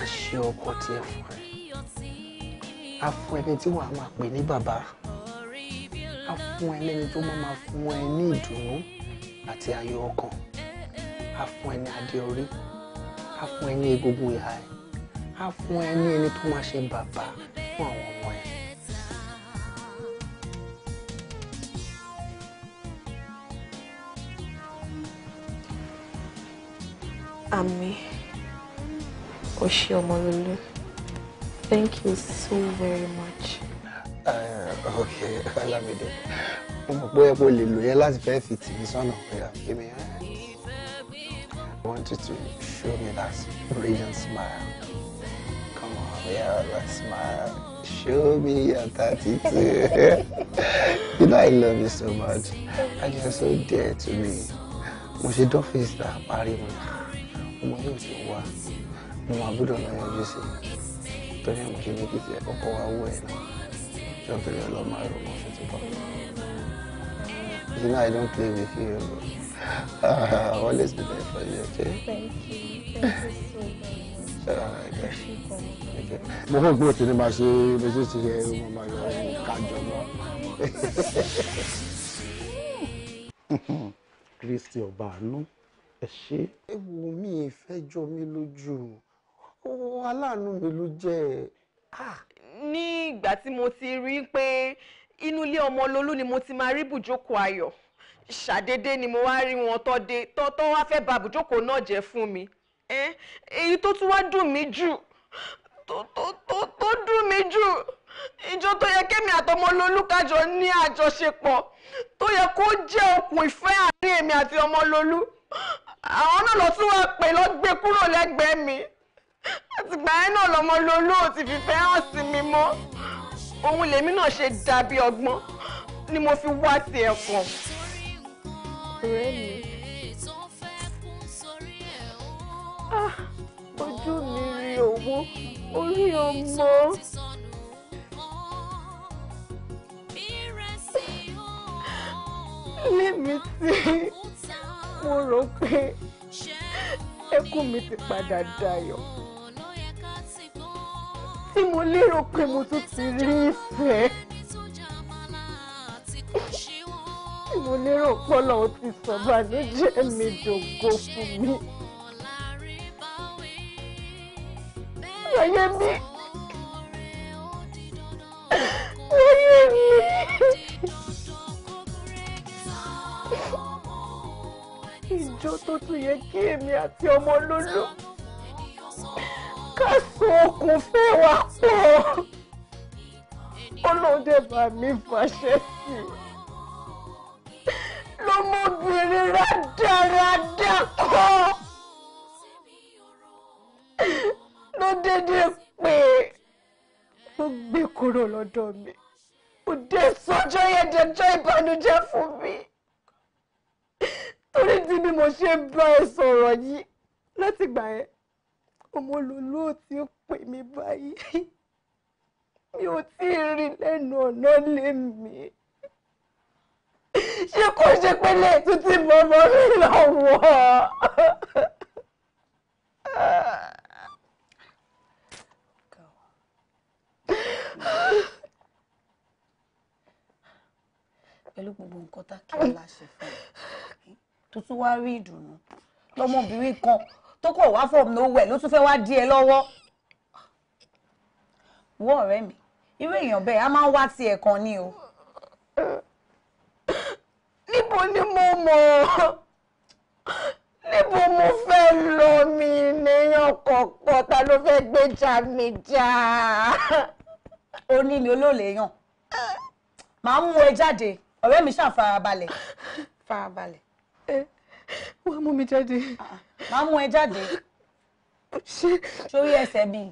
Speaker 2: á ṣe ọkọ tiẹ̀ fún ẹ á fún ẹni tí wàá máa pè ní bàbá á fún ẹ lẹ́ni tó máa máa fún ẹ ní ìdùnnú àti ayọ̀ ọkàn á fún ẹ adé orí á fún ẹ egungun ìhà ẹ á fún ẹ ẹni tó máa ṣe bàbá fún àwọn ọmọ ẹ.
Speaker 3: àmì o ṣé Ọmọlúlú thank you so very much.
Speaker 2: Uh, okay Alamide [LAUGHS] mo mọ̀ pé ẹ kò lè lò yẹn láti fẹ́ fi tì mí sọ́nà pé mi yẹn. I want you to show me that radiant smile. Come on, yeah, that smile. Show me your 32. [LAUGHS] you know I love you so much. And you're so dear to me. Mo ṣe dọ́fíìsì náà parí mu náà. Ọmọ yóò ṣe wá. Mo máa gbọ́dọ̀ lọ yọjú sí i. Torí àwọn ṣe ní kìtì ọkọ̀ wa wọ̀ ẹ̀ náà. Ṣọ́kìrì ọlọ́mọ àrùn mọ́ ṣe ti bọ̀. You know I don't play with you. But... Uh, ah, I'll always be there for Thank
Speaker 5: you. Thank you so much. Uh, okay. Okay.
Speaker 2: Mo fẹ́ gbọ́ tí ni màá ṣe bó ṣe ṣe yẹ mo máa yọ kájọ lọ. Kristi ọba àánú ẹ ṣe. Ewu mi ìfẹ́ ah! tí mo ti rí pé
Speaker 3: inú ilé ọmọ Lolú ni mo ti máa rí bùjókòó ayọ̀ ṣàdédé ni mo wá rí wọn tó dé tó tó wá fẹ́ ba àbújókòó náà jẹ́ fún mi èyí tó tún wá dùn mí jù tó tó tó tó dùn mí jù ìjọ tó yẹ kémi àtọmọ lolúkájọ ní àjọṣepọ̀ tó yẹ kó jẹ́ okùn ìfẹ́ àárín èmi àti ọmọ lolú àwọn náà lọ tún wá pè lọ gbé kúrò lẹ́gbẹ̀ẹ́ mi àtìgbà yẹn náà lọmọ lolú ò ti fìfẹ́ hàn sí mi mọ́ òun lèmi náà ṣe dàbí
Speaker 2: ọgbọ́n ni mo fi wá tiẹ̀ kàn
Speaker 3: ọ̀rẹ́
Speaker 5: mi. Ah, ojú mi rí owó orí ọmọ. lèmi tí mo rò pé ẹkún mi ti padà dayọ̀ tí mo lérò pé mo tún ti rí ìfẹ́.
Speaker 4: tí mo lérò pọ́lọ́ ó ti sọ bànújẹ́
Speaker 5: mi dògo fún mi. Wáyé mi. Wáyé mi. Ìjọ tó tún yẹ kí èmi àti ọmọ lólú ká so okùn fẹ́ wa pọ̀. Ọlọ́dẹ̀ bá mi fàṣẹ sí lọ́mọbìnrin rádaràdà kan ló
Speaker 3: dédé pé ló gbé kúrò lọ́dọ̀ mi kò dé sọ́jọ́ yẹn dẹjọ́ ìbànújẹ́ fún mi torí tí bí mo ṣe bá ẹ sọ̀rọ̀ yìí látìgbà yẹn ọmọlúlú ò ti pè mí báyìí mi ò tí ì rí lẹ́nu ọ̀nà lé mi ṣé kò ṣe pé lè tún ti mọ ọmọ mi lọ́wọ́. pẹ̀lú gbogbo nǹkan tá kí ọlá ṣe fún ẹ tó tún wá rí
Speaker 4: ìdùnnú lọ́mọbìnrin kan tó kọ̀ wá fọ̀m nowhere ló tún fẹ́ wá dí ẹ lọ́wọ́. wọ́n ọ̀rẹ́ mi irú èèyàn bẹ́ẹ̀ a máa ń wá tiẹ̀ kan ni o
Speaker 3: mo ní mo mọ̀ níbo mo fẹ́ lọ mi nìyàn kọ̀ọ̀kan ta ló fẹ́ gbèjà
Speaker 4: mi jà. ó ní mi olóòlè yàn màá mú ẹ jáde ọ̀rẹ́ mi ṣáà farabalẹ̀. farabalẹ̀ ẹ
Speaker 3: wàá mú mi jáde. Ah, màá mú ẹ jáde sórí ẹsẹ̀ mi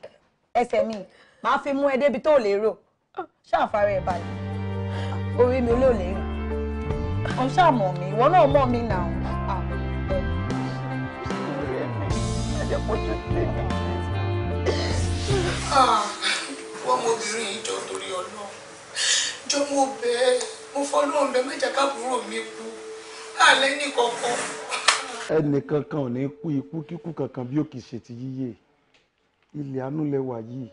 Speaker 3: ẹsẹ̀ mi màá fi mú ẹ débi tó lérò ah. ṣáà fara ẹ balẹ̀ orí mi olóòlè yàn o ṣáà mọ̀ mí ìwọ náà mọ̀ mí nà ó.
Speaker 5: wọ́n mú obìnrin yìí jọ torí ọlọ́run jọ mo
Speaker 2: bẹ́ẹ̀ mo fọlọ́run bẹ́ẹ̀ mẹ́jà káàbúrò mi kú àlẹ́ nìkankan.
Speaker 1: ẹnìkankan ò ní kú ikú kíkú kankan bí ó kì í ṣe ti yíyé ilẹ̀ anúlẹ̀ wà yìí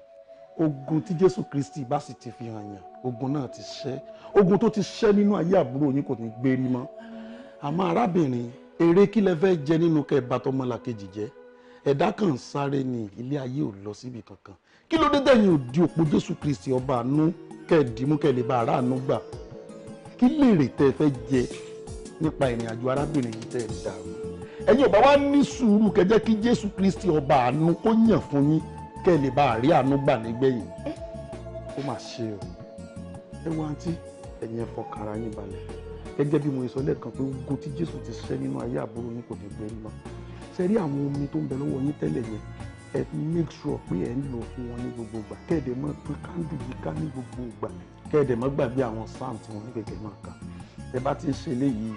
Speaker 1: ogun tí Jésù Kristi bá sì ti fi hàn yàn ogun náà ti ṣẹ́
Speaker 2: ogun tó ti ṣẹ́ nínú ayé àbúrò yín kò ní gbé rí mọ́ àmọ́ arábìnrin èrè kí lẹ fẹ́ jẹ nínú kẹ́ bá tọmọlàkejì jẹ ẹ̀dá kan sáré ni ilé ayé ò lọ síbi kankan kí ló dé tẹ̀yìn òdi òpó jésù kristi ọba àánú kẹ́ẹ̀dìmú kẹ́ẹ̀lẹ́ bá aráàánú gbà kí lèrè tẹ́ fẹ́ jẹ nípa ìrìn àjò arábìnrin yìí tẹ́ ẹ̀ dàrú ẹ̀yin ọba wa ní sùúrù kẹjẹ́ kí jésù kristi ọba àánú kó yàn fún yín kẹ́ẹ̀lẹ́ bá àrí àánú gbà nígbẹ̀yìn ó mà ṣe o ẹ wo àǹtí ẹ̀yin ẹ fọkàn ara yín balẹ̀ gẹ́gẹ́ bí mo sọ lẹ́ẹ̀kan pé ogun tí Jésù ti ṣẹ́ nínú ayé àbúrò yín kò ní gbẹ́rí mọ́ ṣe rí àwọn omi tó ń bẹ lọ́wọ́ yín tẹ́lẹ̀ yẹn ẹ make sure pé ẹ ń lò fún wọn ní gbogbo ìgbà kẹ́ẹ̀dẹ̀ mọ́ pé káńdù yìí ká ní gbogbo ìgbà kẹ́ẹ̀dẹ̀ mọ́ gbàgbé àwọn psalm tí wọ́n ní kẹ̀kẹ́ máa kà ẹ bá ti ń ṣe eléyìí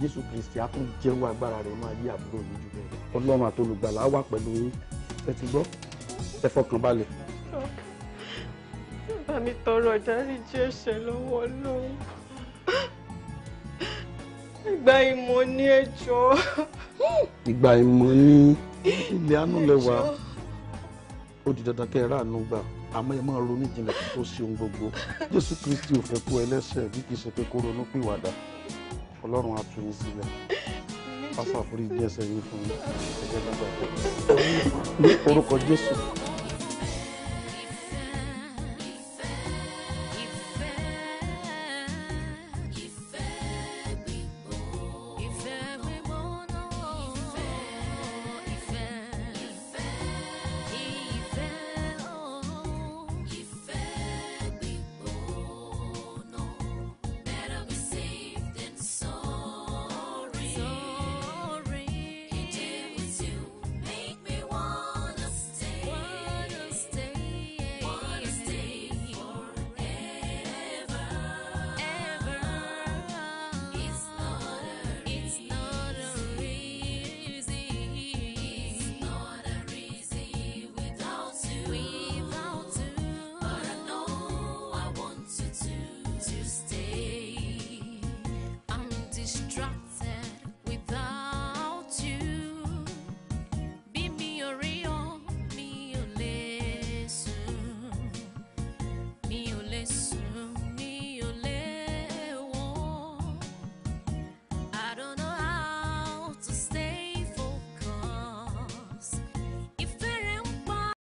Speaker 2: Jésù Kristi á tún jẹ́wọ́ agbára rẹ̀ máa yí àbúrò yín jù bẹ́ẹ̀ Ọlọ́run àtolùgbàlà wà pẹ̀lú yín ẹ ti gbọ́ ẹ fọkàn balẹ̀
Speaker 1: bá mi tọrọ ìdáríjì ẹ̀ṣẹ̀ lọ́wọ́ lọ́hùn
Speaker 3: ìgbà ìmọ̀ ní ẹjọ́.
Speaker 2: ìgbà ìmọ̀ ní ilé di dandan kẹ́ ẹ ráàánú gbà àmọ́ ẹ máa ronú ìjìnlẹ̀ kí tó ṣe ohun gbogbo jésù kristi ò fẹ́ kó ẹlẹ́ṣẹ̀
Speaker 1: bí kì í ṣe pé kó ronú pìwàdà ọlọ́run á tún yín sílẹ̀ pásítọ̀ àforíjì ẹ̀ṣẹ̀ yín fún yín ẹ̀jẹ̀ dábàá ní